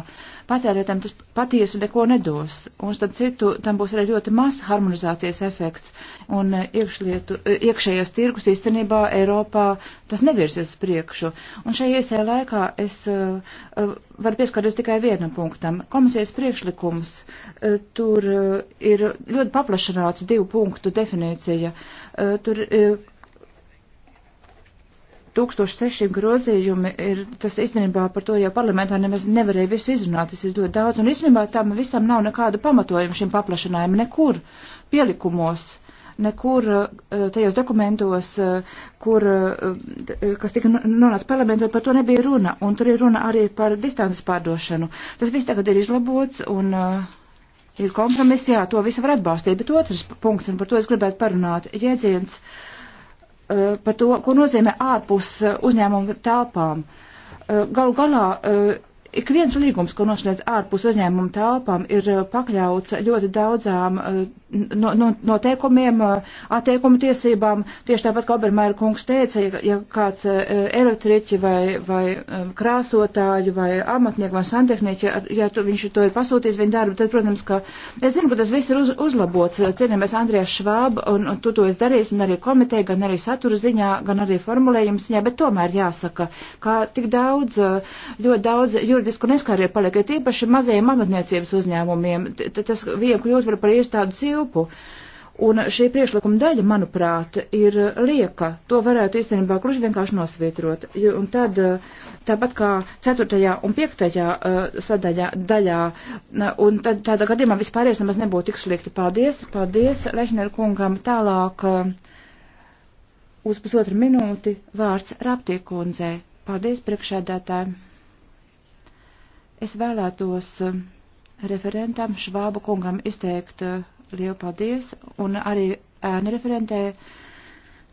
Patērētām tas patiesi neko nedos. Un starp citu, tam būs arī ļoti maz harmonizācijas efekts. Un iekšlietu, iekšējās tirgus īstenībā Eiropā tas nevirsies uz priekšu. Un šajā iestajā laikā es eh, varu pieskarties tikai vienam punktam. Komisijas priekšlikums eh, tur eh, ir ļoti paplašināts divu punktu definīcija. Tur 1600 grozījumi ir, tas īstenībā par to jau parlamentā nemaz nevarēja visu izrunāt, tas ir ļoti daudz, un īstenībā tam visam nav nekāda pamatojuma šim paplašinājuma nekur pielikumos nekur eh, tajos dokumentos, eh, kur, eh, kas tika nonāca parlamentā, par to nebija runa. Un tur ir runa arī par distances pārdošanu. Tas viss tagad ir izlabots un ir kompromiss, jā, to visu var atbalstīt. Bet otrs punkts, un par to es gribētu parunāt, jēdziens par to, ko nozīmē ārpus uzņēmuma telpām. Galu galā Ik viens līgums, ko noslēdz ārpus uzņēmuma telpām, ir eh, pakļauts ļoti daudzām eh, no, no, noteikumiem, eh, attiekumu tiesībām. Tieši tāpat, kā Obermēra kungs teica, ja, ja kāds elektriķi vai, vai krāsotāji vai amatnieki vai santehniķi, ja tu, viņš to ir pasūtījis viņa darbu, tad, protams, ka es zinu, ka tas viss ir uz, uzlabots. Cienījamies Andrijas Švāba, un, un tu to esi darījis, un arī komiteja, gan arī satura ziņā, gan arī formulējums ziņā, bet tomēr jāsaka, ka tik daudz, ļoti daudz. Juri, juridiski neskārie paliek, ir īpaši mazajiem amatniecības uzņēmumiem. T Tas viegli kļūst par iestādu cilpu. Un šī priekšlikuma daļa, manuprāt, ir lieka. To varētu īstenībā kruši vienkārši nosvītrot. Un tad, eh, tāpat kā 4. un 5. Eh, sadaļā, daļā, eh, un tad tādā gadījumā vispārējais nemaz nebūtu tik slikti. Paldies, paldies Lehner kungam. Tālāk uz pusotru minūti vārds Raptiekundzei. Paldies priekšēdētājiem. Es vēlētos eh, referentam Švābu kungam izteikt eh, lielu paldies un arī ēnu referentē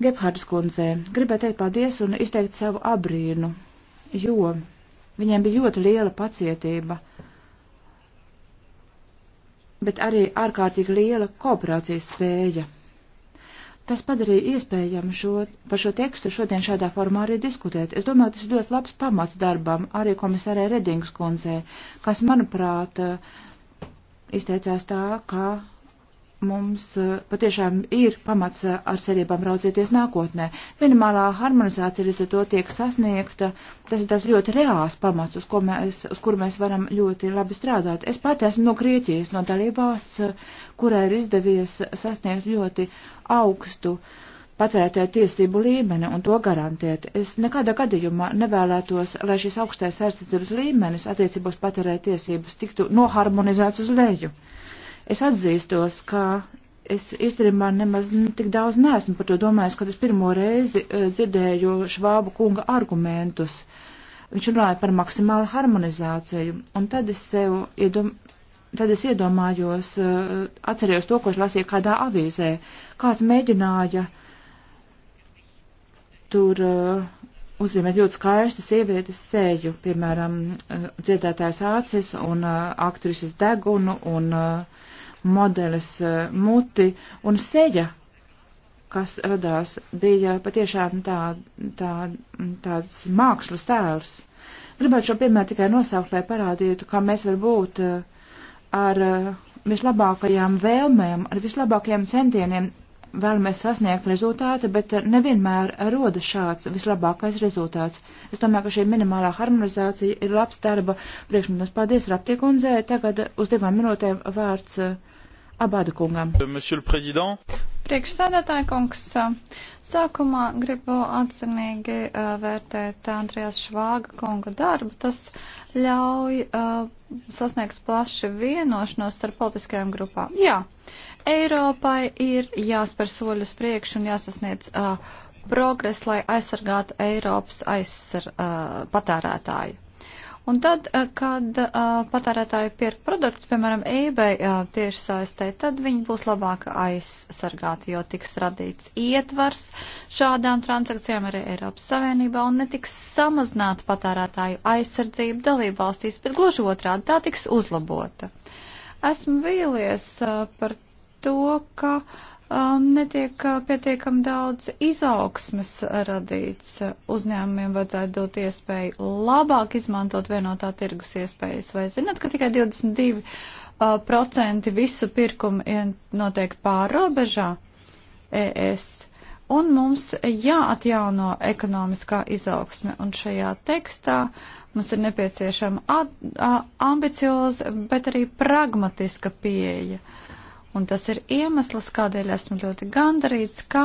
Gebhardas kundzē. Gribētu teikt paldies un izteikt savu abrīnu, jo viņiem bija ļoti liela pacietība, bet arī ārkārtīgi liela kooperācijas spēja. Tas padarīja iespējamu šo, par šo tekstu šodien šādā formā arī diskutēt. Es domāju, tas ir ļoti labs pamats darbam arī komisārē Redings kundzē, kas, manuprāt, izteicās tā, ka mums e, patiešām ir pamats e, ar cerībām raudzīties nākotnē. Minimālā harmonizācija līdz ar to tiek sasniegta. Tas ir tas ļoti reāls pamats, uz, mēs, uz kur mēs varam ļoti labi strādāt. Es pati esmu no Grieķijas, no dalībās, e, kurai ir izdevies sasniegt ļoti augstu patērētāju tiesību līmeni un to garantēt. Es nekādā gadījumā nevēlētos, lai šis augstais aizsardzības līmenis attiecībos patērētāju tiesības tiktu noharmonizēts uz leju. Uh, Es atzīstos, ka es īstenībā nemaz tik daudz neesmu par to domājis, kad es pirmo reizi eh, dzirdēju Švābu kunga argumentus. Viņš runāja par maksimālu harmonizāciju, un tad es sev iedom, tad es iedomājos, eh, atcerējos to, ko es lasīju kādā avīzē. Kāds mēģināja tur eh, uzzīmēt ļoti skaistu sievietes seju, piemēram, dziedētājs acis un aktrises degunu un uh, modelis eh, muti un seja, kas radās, bija patiešām tā, tā, tāds mākslas tēls. Gribētu šo piemēru tikai nosaukt, lai parādītu, kā mēs var būt eh, ar eh, vislabākajām vēlmēm, ar vislabākajiem centieniem vēlamies sasniegt rezultātu, bet nevienmēr rodas šāds vislabākais rezultāts. Es domāju, ka šī minimālā harmonizācija ir labs darba priekšmetums. Paldies, Raptikundzē. Tagad uz divām minūtēm vārds uh, Abādu kungam. Euh, Priekšsēdētāja kungs, sākumā gribu atzinīgi uh, vērtēt Andrijas Švāga kunga darbu. Tas ļauj uh, sasniegt plaši vienošanos starp politiskajām grupām. Jā, Eiropai ir jāspēr soļus priekš un jāsasniedz uh, progress, lai aizsargātu Eiropas aizsar, uh, patērētāju. Un tad, eh, kad uh, patērētāji pērk produktus, piemēram, eBay uh, tieši saistē, tad viņi būs labāk aizsargāti, jo tiks radīts ietvars šādām transakcijām arī Eiropas Savienībā un netiks samazināta patērētāju aizsardzība dalību valstīs, bet gluži otrādi tā tiks uzlabota. Esmu vīlies uh, par to, ka uh, um, netiek uh, pietiekam daudz izaugsmes radīts. Uzņēmumiem vajadzētu dot iespēju labāk izmantot vienotā tirgus iespējas. Vai zinat, ka tikai 22 uh, procenti visu pirkumu notiek pārrobežā ES? Un mums jāatjauno ekonomiskā izaugsme. Un šajā tekstā mums ir nepieciešama ambicioza, bet arī pragmatiska pieeja. Uh, Un tas ir iemesls, kādēļ esmu ļoti gandarīts, ka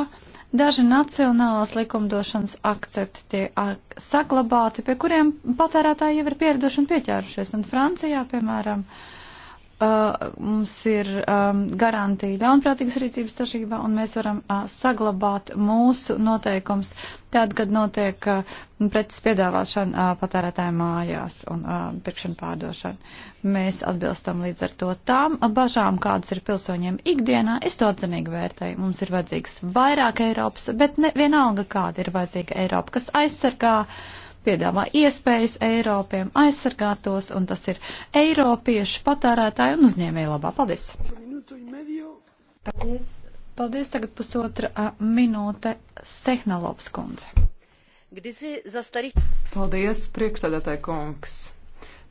daži nacionālās likumdošanas akcepti tiek ak saglabāti, pie kuriem patērētāji jau ir pieraduši un pieķērušies. Un Francijā, piemēram, uh, Uh, mums ir um, garantija ļaunprātīgas rīcības starpībā, un mēs varam uh, saglabāt mūsu noteikums tad, kad notiek uh, preces piedāvāšana uh, patērētāju mājās un uh, pirkšana pārdošana. Mēs atbilstam līdz ar to tām bažām, kādas ir pilsoņiem ikdienā. Es to atzinīgi vērtēju. Mums ir vajadzīgs vairāk Eiropas, bet ne, vienalga kāda ir vajadzīga Eiropa, kas aizsargā. Uh, piedāvā iespējas Eiropiem aizsargātos, un tas ir Eiropiešu patērētāju un uzņēmēju labā. Paldies! Paldies! Paldies tagad pusotra minūte Sehnalovs kundze. Paldies, priekšstādātāji kungs!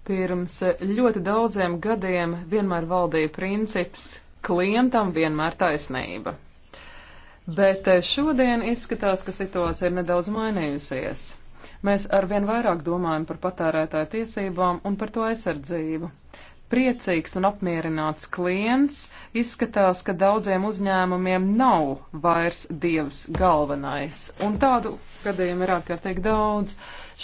Pirms ļoti daudziem gadiem vienmēr valdīja princips klientam vienmēr taisnība. Bet šodien izskatās, ka situācija ir nedaudz mainījusies. Mēs arvien vairāk domājam par patērētāju tiesībām un par to aizsardzību. Priecīgs un apmierināts klients izskatās, ka daudziem uzņēmumiem nav vairs dievs galvenais, un tādu gadījumu ir ārkārtīgi daudz.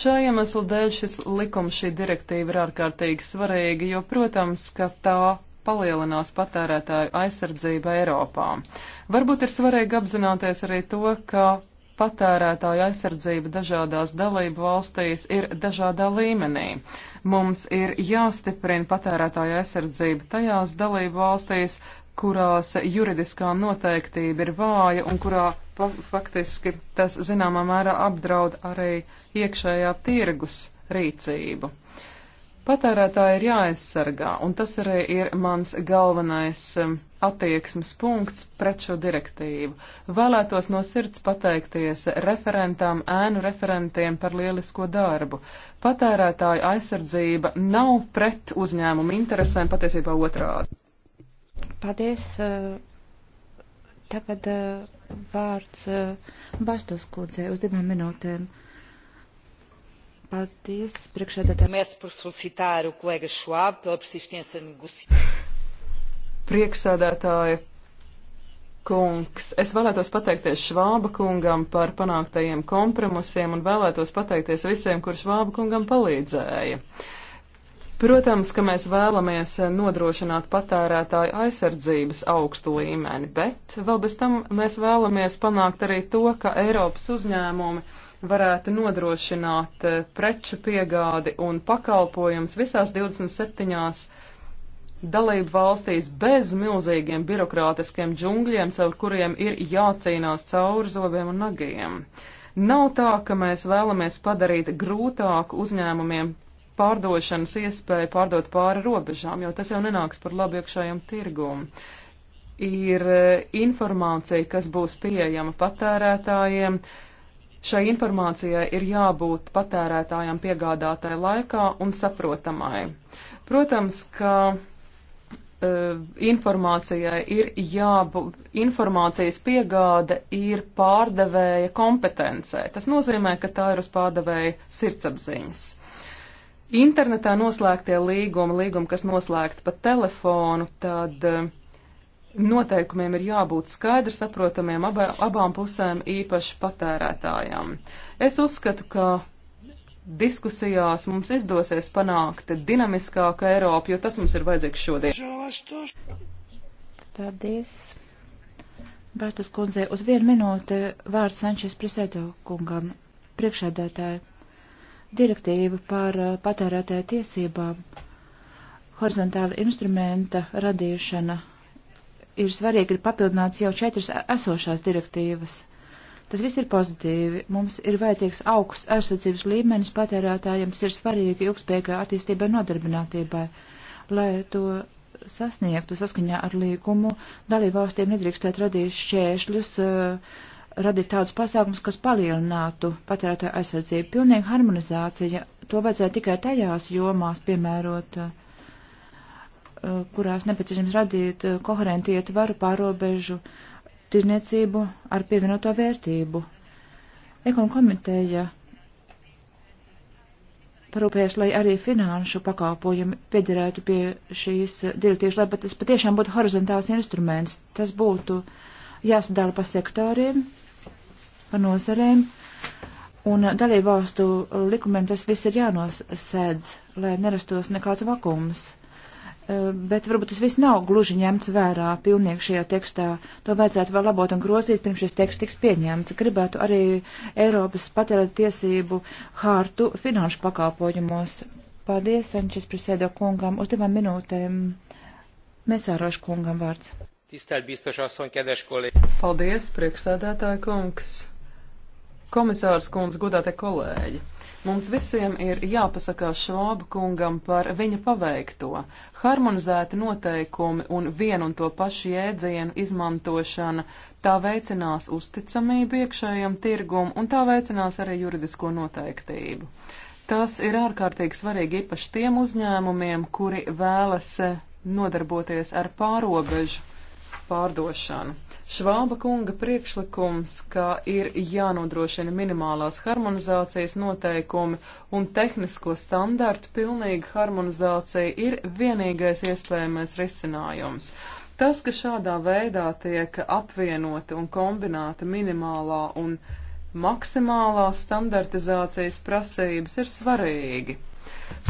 Šā iemesla dēļ šis likums, šī direktīva ir ārkārtīgi svarīga, jo, protams, ka tā palielinās patērētāju aizsardzību Eiropā. Varbūt ir svarīgi apzināties arī to, ka patērētāju aizsardzība dažādās dalību valstīs ir dažādā līmenī. Mums ir jāstiprina patērētāju aizsardzība tajās dalību valstīs, kurās juridiskā noteiktība ir vāja un kurā faktiski tas zināmā mērā apdraud arī iekšējā tirgus rīcību. Uh, Patērētāji ir jāaizsargā, un tas arī ir mans galvenais um, attieksmes punkts pret šo direktīvu. Vēlētos no sirds pateikties referentām, ēnu referentiem par lielisko darbu. Patērētāju aizsardzība nav pret uzņēmumu interesēm, patiesībā otrādi. Paldies. Uh, Tagad uh, vārds uh, Bastos kundzei uz divām minūtēm. Paldies, priekšsēdētāji. Priekšsēdētāji, kungs, es vēlētos pateikties Švāba kungam par panāktajiem kompromisiem un vēlētos pateikties visiem, kur Švāba kungam palīdzēja. Protams, ka mēs vēlamies nodrošināt patērētāju aizsardzības augstu līmeni, bet vēl bez tam mēs vēlamies panākt arī to, ka Eiropas uzņēmumi varētu nodrošināt eh, preču piegādi un pakalpojums visās 27 dalību valstīs bez milzīgiem birokrātiskiem džungļiem, caur kuriem ir jācīnās cauri zobiem un nagiem. Nav tā, ka mēs vēlamies padarīt grūtāku uzņēmumiem pārdošanas iespēju pārdot pāri robežām, jo tas jau nenāks par labu iekšējiem tirgumu ir eh, informācija, kas būs pieejama patērētājiem, Šai informācijai ir jābūt patērētājiem piegādātai laikā un saprotamai. Protams, ka e, informācijai ir jābūt, informācijas piegāde ir pārdevēja kompetencē. Tas nozīmē, ka tā ir uz pārdevēja sirdsapziņas. Internetā noslēgtie līgumi, līgumi, kas noslēgti pa telefonu, tad uh, noteikumiem ir jābūt skaidri saprotamiem abā, abām pusēm, īpaši patērētājām. Es uzskatu, ka diskusijās mums izdosies panākt dinamiskāku Eiropu, jo tas mums ir vajadzīgs šodien. Paldies. Bārstas kundzei uz vienu minūti vārds Sančes Prisēto kungam, priekšēdētāji. Direktīva par uh, patērētāju tiesībām, horizontāla instrumenta radīšana ir svarīgi, ir papildināts jau četras esošās direktīvas. Tas viss ir pozitīvi. Mums ir vajadzīgs augsts aizsardzības līmenis patērētājiem, tas ir svarīgi ilgspējīgai attīstībai un nodarbinātībai. Lai to sasniegtu saskaņā ar līgumu, dalībvalstīm nedrīkstēt radīt šķēršļus, eh, radīt tādus pasākumus, kas palielinātu patērētāju aizsardzību. Pilnīga harmonizācija, to vajadzēja tikai tajās jomās piemērot. Uh, Uh, kurās nepieciešams radīt uh, koherentu ietvaru pārobežu tirniecību ar pievienoto vērtību. Ekon komiteja parūpējas, lai arī finanšu pakalpojumi piederētu pie šīs direktīvas, lai tas patiešām būtu horizontāls instruments. Tas būtu jāsadala pa sektoriem, pa nozarēm, un dalībvalstu likumiem tas viss ir jānosēdz, lai nerastos nekāds vakums bet varbūt tas viss nav gluži ņemts vērā pilnīgi šajā tekstā. To vajadzētu vēl labot un grozīt, pirms šis teksts tiks pieņemts. Gribētu arī Eiropas patērēt tiesību hārtu finanšu pakalpojumos. Paldies, Sančes Prisēdo kungam. Uz divām minūtēm Mesārošu kungam vārds. Tisztelt biztos asszony, kedves kollégi! Paldies, priekšsēdētāja kungs! Komisārs kundze, godātie kolēģi, mums visiem ir jāpasakās Švāba kungam par viņa paveikto. Harmonizēti noteikumi un vienu un to pašu jēdzienu izmantošana tā veicinās uzticamību iekšējam tirgum un tā veicinās arī juridisko noteiktību. Tas ir ārkārtīgi svarīgi īpaši tiem uzņēmumiem, kuri vēlas nodarboties ar pārobežu pārdošanu. Švāba kunga priekšlikums, ka ir jānodrošina minimālās harmonizācijas noteikumi un tehnisko standartu pilnīga harmonizācija, ir vienīgais iespējamais risinājums. Tas, ka šādā veidā tiek apvienota un kombinēta minimālā un maksimālā standartizācijas prasības, ir svarīgi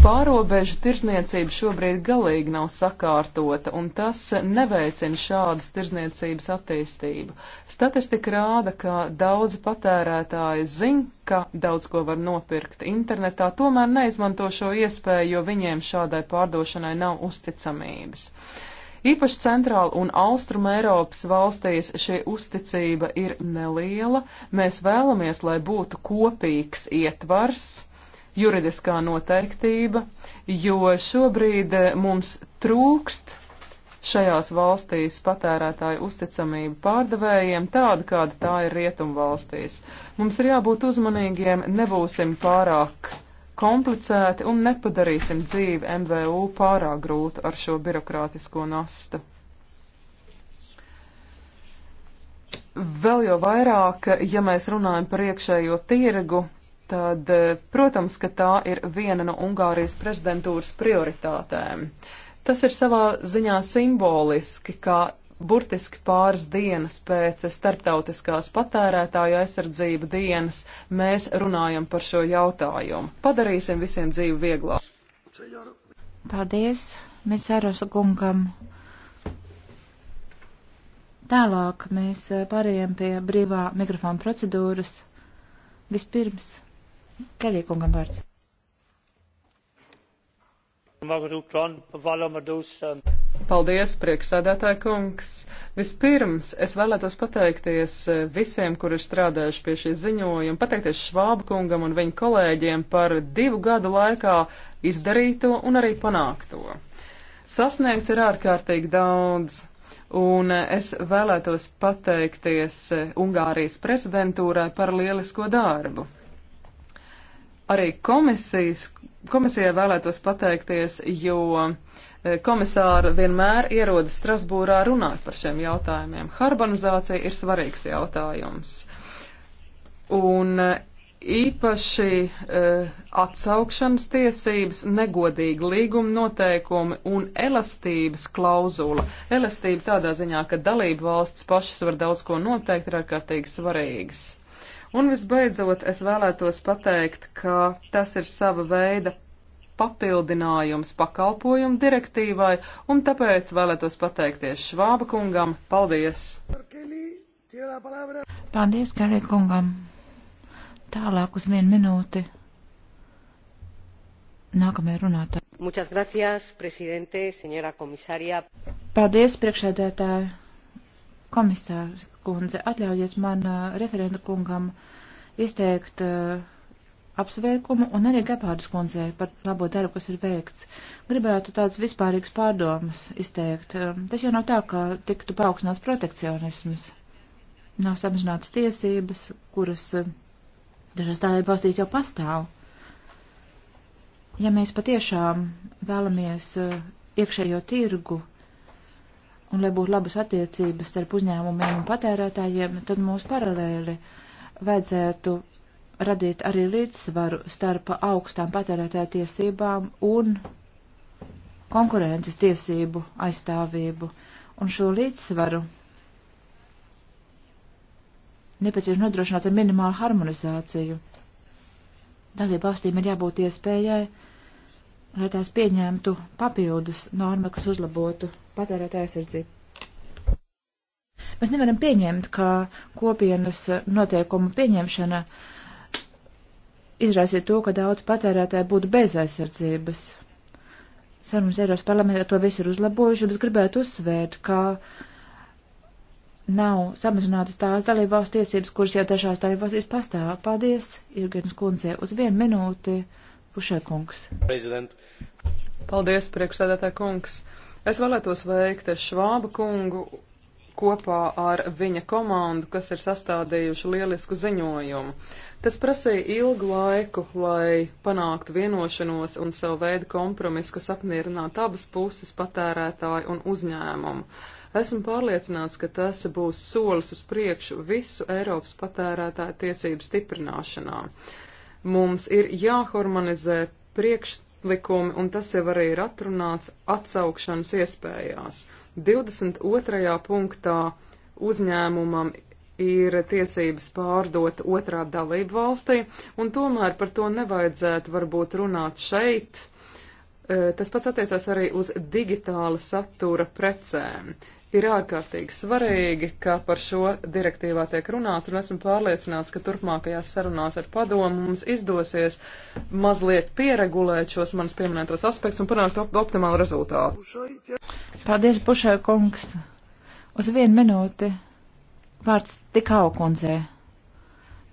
Pārobežu tirzniecība šobrīd galīgi nav sakārtota, un tas neveicina šādas tirzniecības attīstību. Statistika rāda, ka daudzi patērētāji zin, ka daudz ko var nopirkt internetā, tomēr neizmanto šo iespēju, jo viņiem šādai pārdošanai nav uzticamības. Īpaši centrāla un austruma Eiropas valstīs šī uzticība ir neliela. Mēs vēlamies, lai būtu kopīgs ietvars, juridiskā noteiktība, jo šobrīd eh, mums trūkst šajās valstīs patērētāju uzticamību pārdevējiem tāda, kāda tā ir rietumvalstīs. Mums ir jābūt uzmanīgiem, nebūsim pārāk komplicēti un nepadarīsim dzīvi MVU pārāk grūtu ar šo birokrātisko nastu. Vēl jau vairāk, ja mēs runājam par iekšējo tirgu, tad, eh, protams, ka tā ir viena no Ungārijas prezidentūras prioritātēm. Tas ir savā ziņā simboliski, ka burtiski pāris dienas pēc starptautiskās patērētāju aizsardzību dienas mēs runājam par šo jautājumu. Padarīsim visiem dzīvi vieglāk. Paldies, mēs Eros kungam. Tālāk mēs eh, pārējām pie brīvā mikrofona procedūras. Vispirms Kalīkungam vārds. Paldies, priekšsēdētāja kungs. Vispirms es vēlētos pateikties eh, visiem, kuri ir strādājuši pie šī ziņojuma, pateikties Švāba kungam un viņa kolēģiem par divu gadu laikā izdarīto un arī panākto. Sasniegts ir ārkārtīgi daudz, un eh, es vēlētos pateikties eh, Ungārijas prezidentūrai par lielisko darbu. Arī komisijas, komisijai vēlētos pateikties, jo e, komisāri vienmēr ierodas Strasbūrā runāt par šiem jautājumiem. Harmonizācija ir svarīgs jautājums. Un e, īpaši uh, atsaukšanas tiesības, negodīgi līguma noteikumi un elastības klauzula. Elastība tādā ziņā, ka dalību valsts pašas var daudz ko noteikt, ir ārkārtīgi svarīgas. Un visbeidzot, es vēlētos pateikt, ka tas ir sava veida papildinājums pakalpojumu direktīvai, un tāpēc vēlētos pateikties Švāba kungam. Paldies! Paldies, Kelī kungam! Tālāk uz vienu minūti. Nākamajā runātā. Muchas gracias, presidente, señora komisārija. Paldies, priekšsēdētāji, komisārs kundze, atļaujiet man referenta kungam izteikt uh, apsveikumu un arī Gepārdas kundzei par labo darbu, kas ir veikts. Gribētu tādas vispārīgas pārdomas izteikt. Tas jau nav tā, ka tiktu paaugstināts protekcionisms. Nav samazinātas tiesības, kuras dažās tādēļ valstīs jau pastāv. Ja mēs patiešām vēlamies iekšējo tirgu un lai būtu labas attiecības starp uzņēmumiem un patērētājiem, tad mums paralēli vajadzētu radīt arī līdzsvaru starp augstām patērētāja tiesībām un konkurences tiesību aizstāvību. Un šo līdzsvaru nepieciešams nodrošināt ar minimālu harmonizāciju. Dalību valstīm ir jābūt iespējai lai tās pieņemtu papildus norma, kas uzlabotu patērētāju aizsardzību. Mēs nevaram pieņemt, ka kopienas noteikumu pieņemšana izraisīja to, ka daudz patērētāji būtu bez aizsardzības. Sarunas Eiropas parlamentā to visu ir uzlabojuši, bet gribētu uzsvērt, ka nav samazinātas tās dalībvalsts tiesības, kuras jau dažās dalībvalstīs pastāv. Paldies, Irgens kundzei, uz vienu minūti. Pušē kungs. Prezident. Paldies, priekšsēdētā kungs. Es vēlētos veikt Švāba kungu kopā ar viņa komandu, kas ir sastādījuši lielisku ziņojumu. Tas prasīja ilgu laiku, lai panāktu vienošanos un savu veidu kompromisu, kas apmierinātu abas puses - patērētāju un uzņēmumu. Esmu pārliecināts, ka tas būs solis uz priekšu visu Eiropas patērētāju tiesību stiprināšanā. Mums ir jāharmonizē priekšlikumi, un tas jau arī ir atrunāts atsaukšanas iespējās. 22. punktā uzņēmumam ir tiesības pārdot otrā dalību valstī, un tomēr par to nevajadzētu varbūt runāt šeit. Eh, tas pats attiecās arī uz digitāla satura precēm. Ir ārkārtīgi svarīgi, ka par šo direktīvā tiek runāts, un esmu pārliecināts, ka turpmākajās sarunās ar padomu mums izdosies mazliet pieregulēt šos manas pieminētos aspektus un panākt op optimālu rezultātu. Paldies, Bušai kungs! Uz vienu minūti vārds tik augundzē.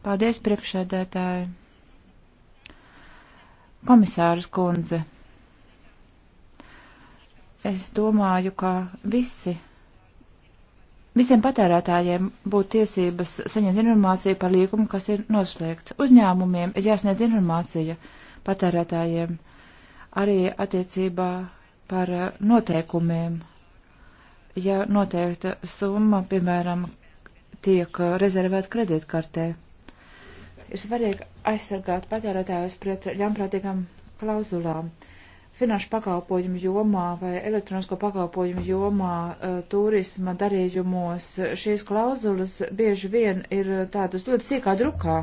Paldies, priekšēdētāji! Komisāras kundze! Es domāju, ka visi Visiem patērētājiem būtu tiesības saņemt informāciju par līgumu, kas ir noslēgts. Uzņēmumiem ir jāsniedz informācija patērētājiem arī attiecībā par noteikumiem. Ja noteikta summa, piemēram, tiek rezervēta kredītkartē, ir svarīgi aizsargāt patērētājus pret ļaunprātīgām klauzulām. Uh, finanšu pakalpojumu jomā vai elektronisko pakalpojumu jomā, eh, turisma darījumos, šīs klauzulas bieži vien ir eh, tādas ļoti sīkā drukā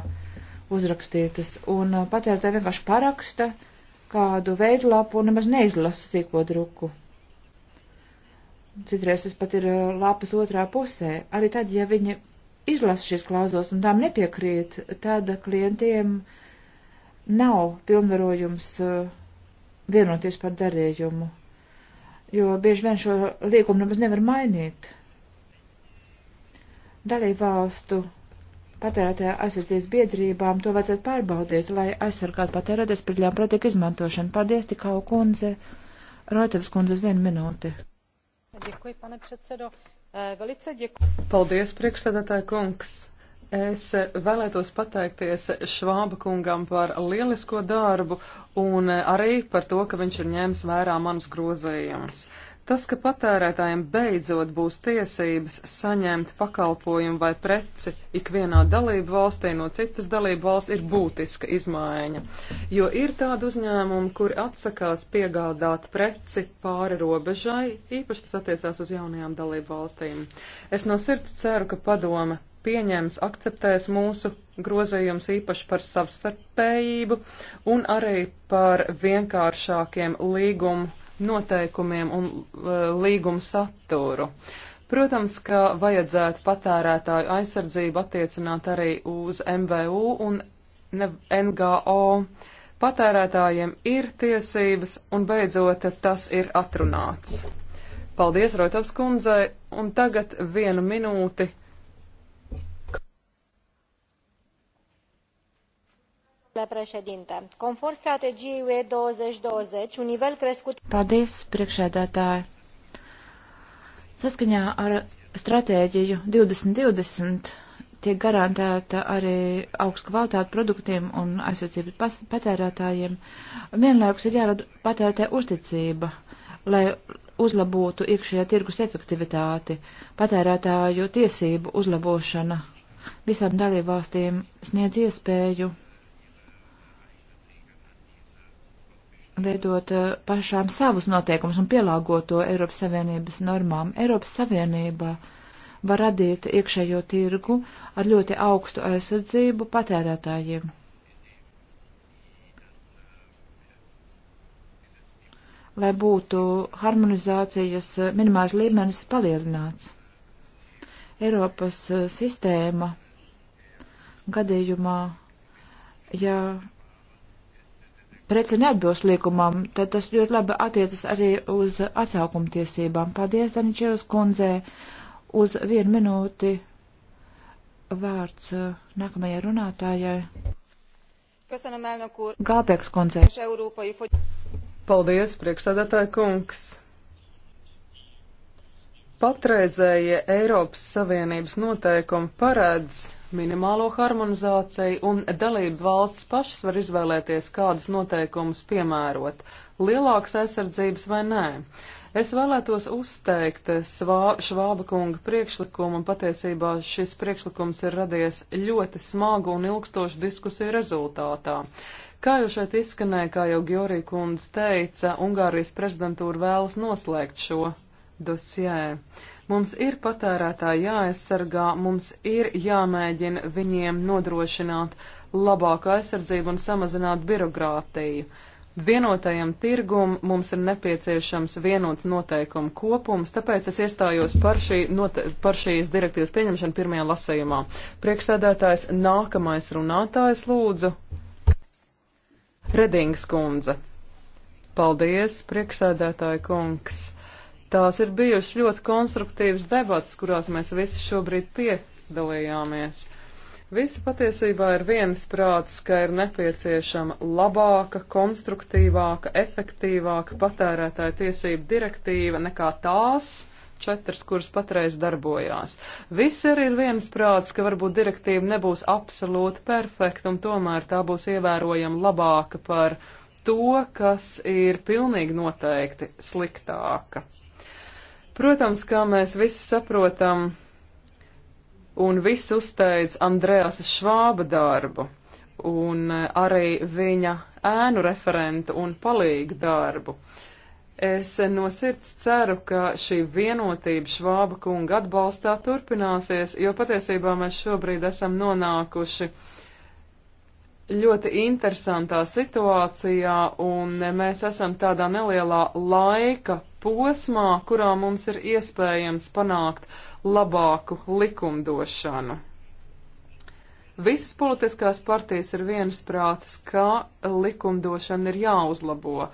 uzrakstītas, un eh, patērētāji vienkārši paraksta kādu veidlapu un nemaz neizlasa sīko druku. Citreiz tas pat ir lapas otrā pusē. Arī tad, ja viņi izlasa šīs klauzulas un tām nepiekrīt, tad klientiem nav pilnvarojums uh, vienoties par darījumu, jo bieži vien šo līgumu nemaz nevar mainīt. Dalībvalstu patērētāja aizsardzības biedrībām to vajadzētu pārbaudīt, lai aizsargātu patērētājs pret ļaunprātīgu izmantošanu. Paldies, tikau kundze. Roitevs kundzes vienu minūti. Eh, Paldies, priekšstādātāja kungs. Es vēlētos pateikties Švāba kungam par lielisko darbu un arī par to, ka viņš ir ņēmis vērā manus grozījumus. Tas, ka patērētājiem beidzot būs tiesības saņemt pakalpojumu vai preci ikvienā dalību valstī no citas dalību valsts, ir būtiska izmaiņa. Jo ir tāda uzņēmuma, kuri atsakās piegādāt preci pāri robežai, īpaši tas attiecās uz jaunajām dalību valstīm. Es no sirds ceru, ka padome pieņems, akceptēs mūsu grozējums īpaši par savstarpējību un arī par vienkāršākiem līgumu noteikumiem un e, līgumu saturu. Protams, ka vajadzētu patērētāju aizsardzību attiecināt arī uz MVU un NGO. Patērētājiem ir tiesības, un beidzot tas ir atrunāts. Paldies Rotovs kundzei, un tagad vienu minūti Konform stratēģijai UE 2020 un nivel crescut. Paldies, priekšēdētāji. Saskaņā ar stratēģiju 2020 tiek garantēta arī augstu kvalitātu produktiem un aizsardzības patērētājiem. Vienlaikus ir jārada patērētāja uzticība, lai uzlabotu iekšējā tirgus efektivitāti, patērētāju tiesību uzlabošana. Visām dalībvalstīm sniedz iespēju veidot eh, pašām savus noteikumus un pielāgot to Eiropas Savienības normām. Eiropas Savienība var radīt iekšējo tirgu ar ļoti augstu aizsardzību patērētājiem. Lai būtu harmonizācijas minimāls līmenis palielināts. Eiropas eh, sistēma gadījumā, ja preci neatbilst liekumam, tad tas ļoti labi attiecas arī uz atsaukumtiesībām. Paldies, Daničēvas kundzē, uz vienu minūti vārds uh, nākamajai runātājai. Gāpēks kundzē. Paldies, priekšsēdētāja kungs. Patreizējie Eiropas Savienības noteikumi paredz minimālo harmonizāciju, un dalību valsts pašas var izvēlēties, kādus noteikumus piemērot - lielākas aizsardzības vai nē. Es vēlētos uzteikt Švāba kunga priekšlikumu, un patiesībā šis priekšlikums ir radies ļoti smagu un ilgstošu diskusiju rezultātā. Kā jau šeit izskanēja, kā jau Georgija kundze teica, Ungārijas prezidentūra vēlas noslēgt šo dosjē. Mums ir patērētāji jāaizsargā, mums ir jāmēģina viņiem nodrošināt labāku aizsardzību un samazināt birokrātiju. Vienotajam tirgum mums ir nepieciešams vienots noteikumu kopums, tāpēc es iestājos par, šī, note, par šīs direktīvas pieņemšanu pirmajā lasējumā. Priekšsēdētājs nākamais runātājs lūdzu. Redings kundze. Paldies, priekšsēdētāja kungs. Tās ir bijušas ļoti konstruktīvas debatas, kurās mēs visi šobrīd piedalījāmies. Visi patiesībā ir viens prāts, ka ir nepieciešama labāka, konstruktīvāka, efektīvāka patērētāja tiesība direktīva nekā tās, četras, kuras patreiz darbojās. Visi arī ir viensprāts, ka varbūt direktīva nebūs absolūti perfekta, un tomēr tā būs ievērojami labāka par to, kas ir pilnīgi noteikti sliktāka. Protams, kā mēs visi saprotam, un viss uzteic Andrejas Švāba darbu, un e, arī viņa ēnu referentu un palīgu darbu. Es e, no sirds ceru, ka šī vienotība Švāba kunga atbalstā turpināsies, jo patiesībā mēs šobrīd esam nonākuši uh, ļoti interesantā situācijā, un mēs esam tādā nelielā laika posmā, kurā mums ir iespējams panākt labāku likumdošanu. Visas politiskās partijas ir viensprātas, ka likumdošana ir jāuzlabo,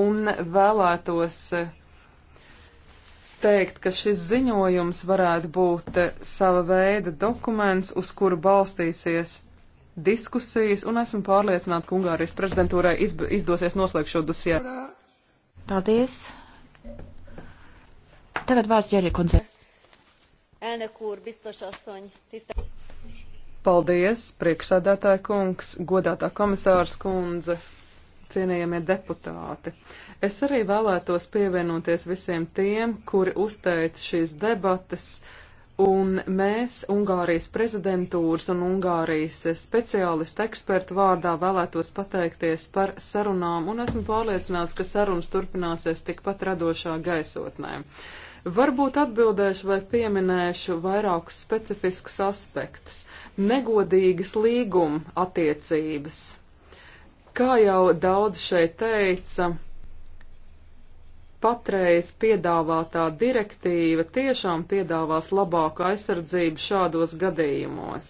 un vēlētos teikt, ka šis ziņojums varētu būt sava veida dokuments, uz kuru balstīsies diskusijas, un esmu pārliecināta, ka Ungārijas prezidentūrai izdosies noslēgt šo dosiju. Paldies! Tagad vārds Ģerija kundze. Elnök úr, biztos asszony, tisztelt. Paldies, priekšsādātāja kungs, godātā komisārs kundze, cienījamie deputāti. Es arī vēlētos pievienoties visiem tiem, kuri uzteica šīs debatas Un mēs Ungārijas prezidentūras un Ungārijas speciālistu ekspertu vārdā vēlētos pateikties par sarunām, un esmu pārliecināts, ka sarunas turpināsies tikpat radošā gaisotnē. Varbūt atbildēšu vai pieminēšu vairākus specifiskus aspektus. Negodīgas līguma attiecības. Kā jau daudz šeit teica, patreiz piedāvātā direktīva tiešām piedāvās labāku aizsardzību šādos gadījumos.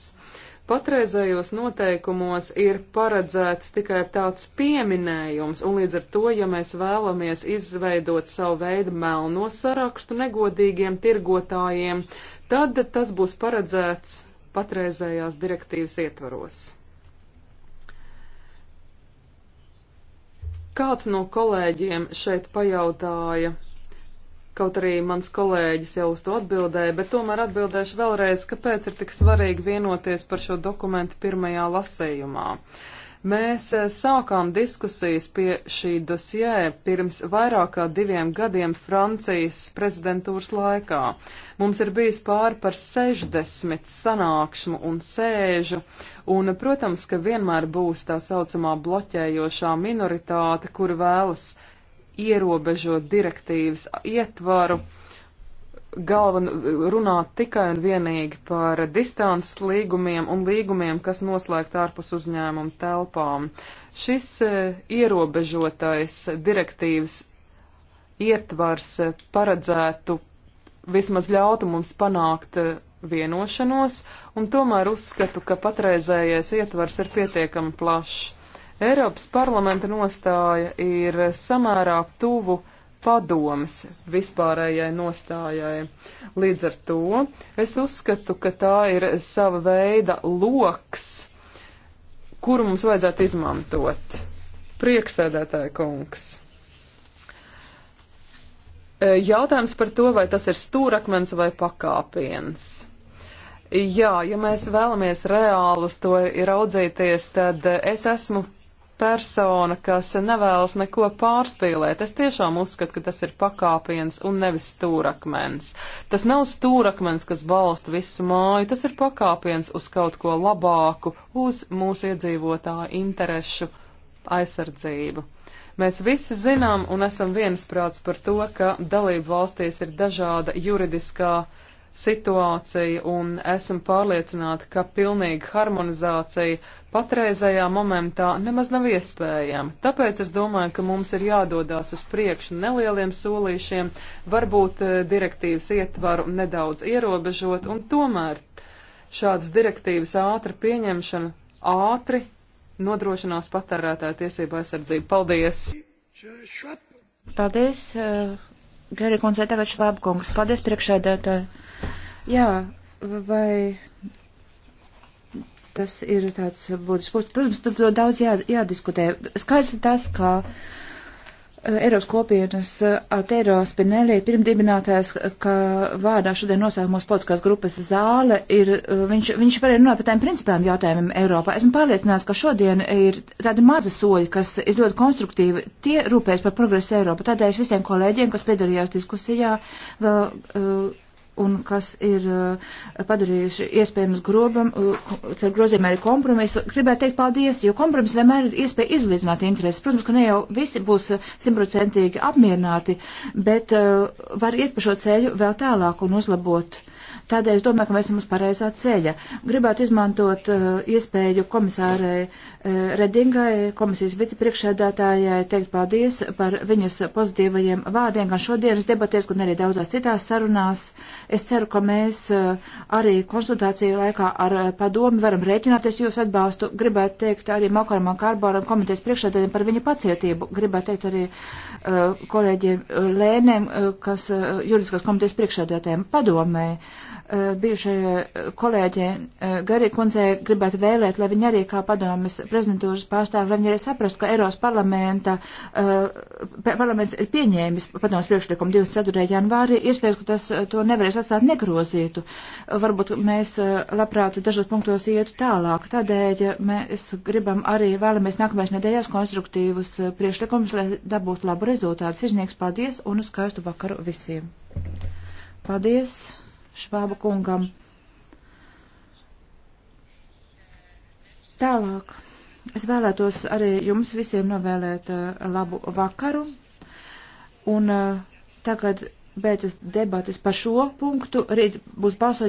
Patreizējos noteikumos ir paredzēts tikai tāds pieminējums, un līdz ar to, ja mēs vēlamies izveidot savu veidu melno sarakstu negodīgiem tirgotājiem, tad tas būs paredzēts patreizējās direktīvas ietvaros. Kāds no kolēģiem šeit pajautāja, kaut arī mans kolēģis jau uz to atbildēja, bet tomēr atbildēšu vēlreiz, kāpēc ir tik svarīgi vienoties par šo dokumentu pirmajā lasējumā. Uh, Mēs eh, sākām diskusijas pie šī dosjē pirms vairāk kā diviem gadiem Francijas prezidentūras laikā. Mums ir bijis pāri par 60 sanākšanu un sēžu, un, protams, ka vienmēr būs tā saucamā bloķējošā minoritāte, kur vēlas ierobežot direktīvas ietvaru. Mm galvenu runāt tikai un vienīgi par distances līgumiem un līgumiem, kas noslēgt ārpus uzņēmumu telpām. Šis e, ierobežotais direktīvas ietvars e, paredzētu vismaz ļautu mums panākt e, vienošanos, un tomēr uzskatu, ka patreizējais ietvars ir pietiekami plašs. Eiropas parlamenta nostāja ir samērā tuvu uh, padomas vispārējai nostājai. Līdz ar to es uzskatu, ka tā ir sava veida loks, kuru mums vajadzētu izmantot. Prieksēdētāja kungs. E, jautājums par to, vai tas ir stūrakmens vai pakāpiens. Jā, ja mēs vēlamies reālus to raudzīties, tad es esmu persona, kas nevēlas neko pārspīlēt. Es tiešām uzskatu, ka tas ir pakāpiens un nevis stūrakmens. Tas nav stūrakmens, kas balsta visu māju, tas ir pakāpiens uz kaut ko labāku, uz mūsu iedzīvotāju interešu aizsardzību. Mēs visi zinām un esam viensprāts par to, ka dalību valstīs ir dažāda juridiskā uh, situāciju un esmu pārliecināta, ka pilnīga harmonizācija patreizajā momentā nemaz nav iespējama. Tāpēc es domāju, ka mums ir jādodās uz priekšu nelieliem solīšiem, varbūt eh, direktīvas ietvaru nedaudz ierobežot un tomēr šādas direktīvas ātra pieņemšana ātri nodrošinās patērētāju tiesību aizsardzību. Paldies! Paldies! Eh, Gerija kundze, tagad Švāba kungs. Paldies priekšēdētāji. Jā, vai tas ir tāds būtisks punkts? Protams, tur daudz jā, jādiskutē. Skaidrs ir tas, ka. Kā Eiropas kopienas eh, Altero Spinelli pirmdibinātājs, ka vārdā šodien nosaukt mūsu politiskās grupas zāle, ir, eh, viņš, viņš varēja runāt par tiem principāliem jautājumiem Eiropā. Esmu pārliecināts, ka šodien ir tādi mazi soļi, kas ir ļoti konstruktīvi. Tie rūpējas par progresu Eiropā. Tādēļ es visiem kolēģiem, kas piedalījās diskusijā, vēl. Uh, un kas ir eh, padarījuši iespējams grobam, eh, cer grozījumā arī kompromisu. Gribētu teikt paldies, jo kompromis vienmēr ir iespēja izlīdzināt intereses. Protams, ka ne jau visi būs eh, simtprocentīgi apmierināti, bet var iet pa šo ceļu vēl tālāk un uzlabot uh, Tādēļ es domāju, ka mēs esam uz pareizā ceļa. Gribētu izmantot uh, iespēju komisārai uh, Redingai, komisijas vicepriekšēdētājai, teikt paldies par viņas pozitīvajiem vārdiem, gan šodienas debatēs, gan arī daudzās citās sarunās. Es ceru, ka mēs uh, arī konsultāciju laikā ar uh, padomu varam rēķināties jūsu atbalstu. Gribētu teikt arī Makaram Kārbaram komitejas priekšēdētājiem par viņa pacietību. Gribētu teikt arī uh, kolēģiem uh, Lēnēm, uh, kas uh, juridiskās komitejas priekšēdētājiem padomē. Uh, Eh, bijušajai eh, kolēģei eh, Garī kundzei gribētu vēlēt, lai viņa arī kā padomas prezidentūras pārstāvi, lai viņa arī saprastu, ka Eiros parlamenta, parlaments ir pieņēmis padomas priekšlikumu 24. janvāri, iespējams, ka tas to nevarēs atstāt negrozītu. Varbūt mēs labprāt dažos punktos ietu tālāk. Tādēļ mēs gribam arī vēlamies nākamais nedēļas konstruktīvus priekšlikumus, lai dabūtu labu rezultātu. Sižnieks, paldies un skaistu vakaru visiem! Paldies! Švāba kungam. Tālāk. Es vēlētos arī jums visiem novēlēt uh, labu vakaru. Un uh, tagad beidzas debatas par šo punktu. Rīt būs balsojums.